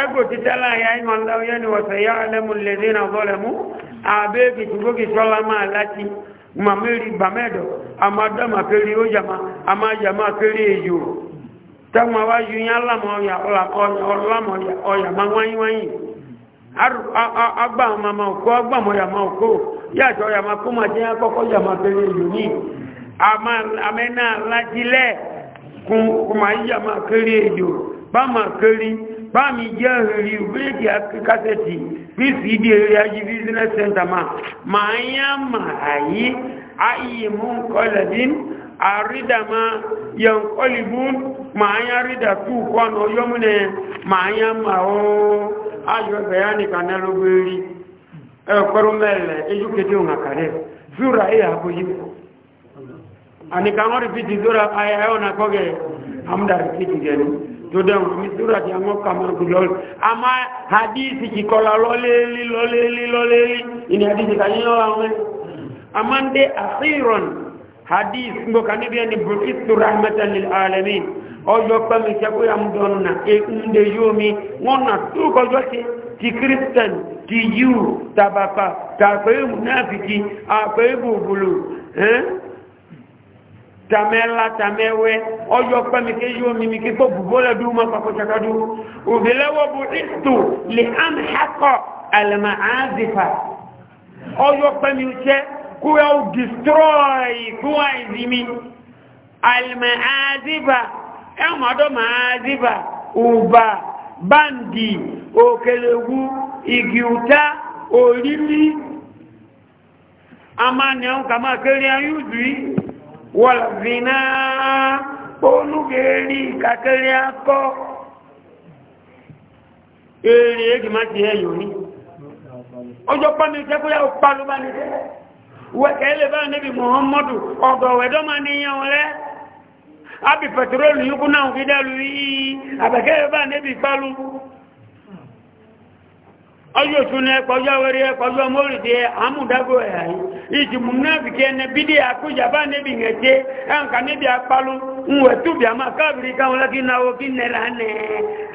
ego titala ya inwa ndao yani wasayalamu alladhina zalamu abe kitugo kisola ma lati mameli bamedo amada mapeli ojama ama jama peli ejo tama wa yunya la mo ya ola oya ola agba ma ko ya ma kuma je akoko jama peli ma báàmì jẹ́ èrè bíréèkì kásẹ̀tì bíìsì ìdí èrè business center ma máa ń yá màá yí ayé mú kọlẹ̀dín àrídàmá Ma máa ń yá rídà tú kọ́nà yọ́múnẹ̀ máa ń yá màá ó ayọ̀ bẹ̀yà nìkan náà ló gbé rí mẹ́lẹ̀ ejú òun àkàrẹ́ zúra ẹ̀yà àkóyí àníkà wọ́n rí fìdí zúra ayẹ́ ọ̀nà kọ́gẹ̀ tudan mi sura ti amo kama gulol ama hadisi ki kola loleli loleli loleli ini hadisi kan yo awe amande akhiran hadis ngo kan bi ani bukitu rahmatan lil alamin ojo pa mi se ko am donna e unde yomi ngona tu ko joti ti christian ti you tabapa ta pe munafiki a pe bubulu eh tamela tamewe ojo pa mi ke yo mi mi ke ko bubola du ma ko chaka du u bilawa buistu li am haqa al ma'azifa ojo pa mi che ku ya u destroy ku aizimi al ma'azifa e ma do ma'azifa uba bandi okelewu igiuta oriri ama ne on kama kere yi wọ̀lọ̀fínà olúgẹ̀ẹ́rí kàkẹ́rẹ́ akọ́ èrè èdè má ti ẹ̀yọ ní ọjọ́ pọ́nà ìtẹ́kúyà pàlú bá ní tẹ́ wẹ̀kẹ́ lè bá níbi mọ̀hánmọ́dù ọ̀gọ̀wẹ̀dọ́ ma ní yàn rẹ́ ábì pẹ̀tírólù yíkú náà fi yìí àbẹ̀kẹ́ lè bá níbi pàlú ọjọ́ tún ní ẹkọjọ́ wẹ́rí ẹkọjọ́ mọ́rìdí àmúdágbò ẹ̀yà yìí ìjìmù náà fi kí ẹni bídí àkójàbá níbi ìyẹ̀jẹ́ ẹnkà níbi àpálú nwẹ̀ túbí àmà káàbìrì káwọn lọ́kí náwó kí nẹ́lá nẹ́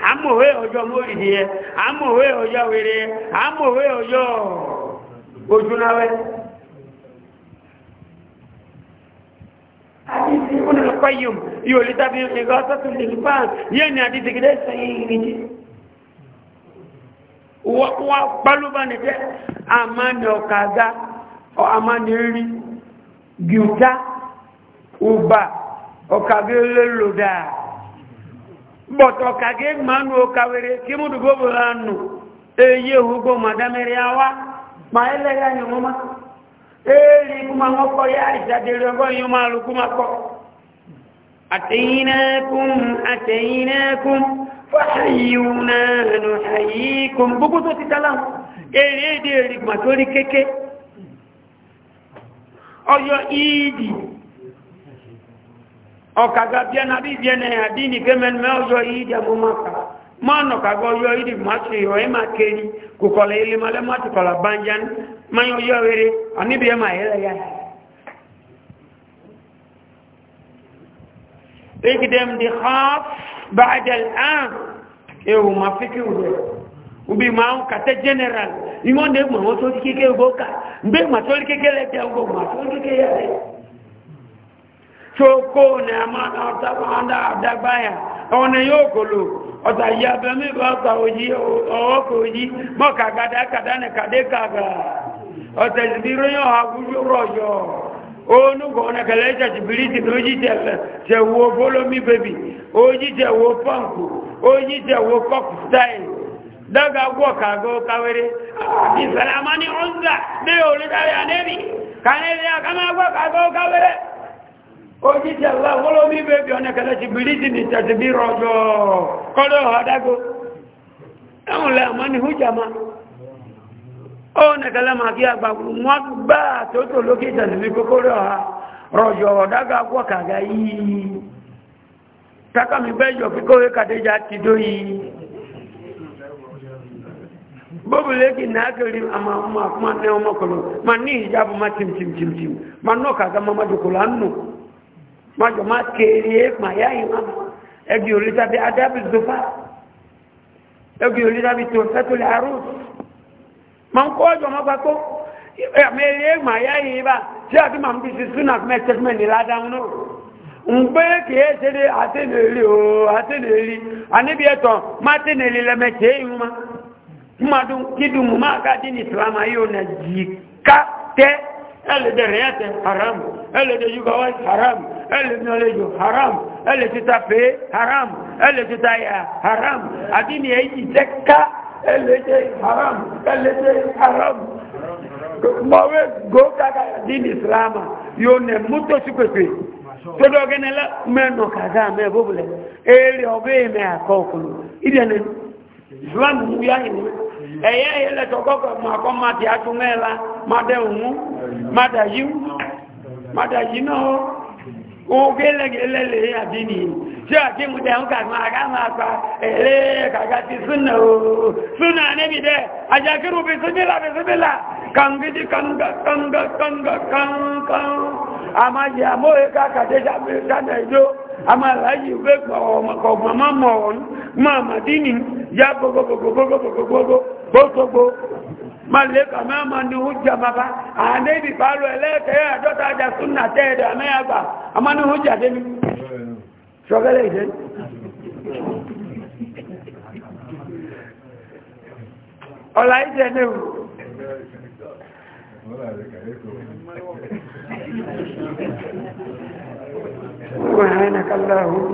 àmòwé ọjọ́ mọ́rìdí ẹ àmòwé ọjọ́ wọ́n pálúbà nìtẹ́ àmàni ọ̀kàgá àmàni rí gíúta ọba ọ̀kàgá lélòdà bọ̀tọ̀ ọ̀kàgá mánú ọkàwẹ̀rẹ̀ kí mú dùgbò bò lánù èyí ma ẹlẹ́yà yìí mọ́má ma yá fáyíwúná ẹnu ẹ̀yí kò mú gbogbo tó ti dáláhùn èrè èdè èrìgbà tó rí kéèké ọyọ ìdì ọ̀kàgà bíẹ́nà bí bíẹ́nà àdí ní kémẹ́nmẹ́ ọyọ ìdì àmúmọ́ka máa nọ̀kàgà ọyọ ìdì máṣe ìwọ̀ ẹ̀ máa kéèrí Take them the half بعد الآن ewu ma fiki wude ubi ma ń kàtẹ́ general imọ́ ndé mọ̀ wọ́n tó kíké gbóka mbé mà tó kíké lẹ́jẹ́ ọgbọ̀ mà tó kíké yẹ́ tó kó ní àdágbáyà ọ̀nà yóò kòlò ọ̀tà onúgọ̀ ọ̀nà kẹlẹ̀ ẹ̀jà jìbìrìtì ní ojíjẹ̀ tẹ̀wò bólómí bèbì ojíjẹ̀ wo pọ́ǹkù ojíjẹ̀ wo kọ́pù stáìl dọ́gà wọ́ kàgọ́ kawere ìsàlámà ní ọ́nzà ní ka ànẹ́bì kànẹ́bì àkàmà wọ́ kawere onekele maka ya gbagburu nwa gbaa ka otu lokita n'imikokoro ọha daga gwọ ka ga iyi takamibejo kikowe kadeja tido yi bobuleki nakiri ama ma kuma ne ọmọ kolo ma ní ìjábọ ma tim tim tim tim ma nọ kàga ma ma jòkòlá nù ma jọ ma kéré ma yá yìí ma ẹgbẹ tó fẹtọlẹ arúgbó man ko jo ma ko e me le ma ya yi ba ti abi ma bi suna me statement ni la da no ngbe ke se de ate ne ri o ate ne ri ani bi eto ma te ne ri le me che yu ma ma dun kidu mu ma ka din islam ayo na ji ka te ele de rete haram ele de yuga wa haram ele no le haram ele ti ta pe haram ele ti ta ya haram adini e ji te ka ẹlẹ́jẹ́ haram ẹlẹ́jẹ́ haram mọ̀wé gókàkà dín ìsìlámà yóò nẹ̀ mútó sí pèpè tó dọ́gẹ́nẹ́ mẹ́nà kàdá mẹ́ bóbulẹ̀ èrè ọ̀bẹ́ mẹ́ àkọ́ òkùnrin ìdẹ̀nẹ́ ìsìlámù mú yá ìní ẹ̀yẹ́ ìlẹ́tọ̀ oge lẹ́gẹ̀lẹ́lẹ̀ àdínì tí ó àti mú tẹ̀hún kàgbà àgá máa pa ẹ̀rẹ́ kàgbà ti súnà ooo súnà níbi dẹ́ àjàkírù bí súnmílà bí súnmílà kàngídí kàngàkàngàkàngàkàn ma maleka mama ni hujja baba ande bi balo elete ya dota ja sunna te da me aba amani hujja de mi shogale de ola ide ne سبحانك اللهم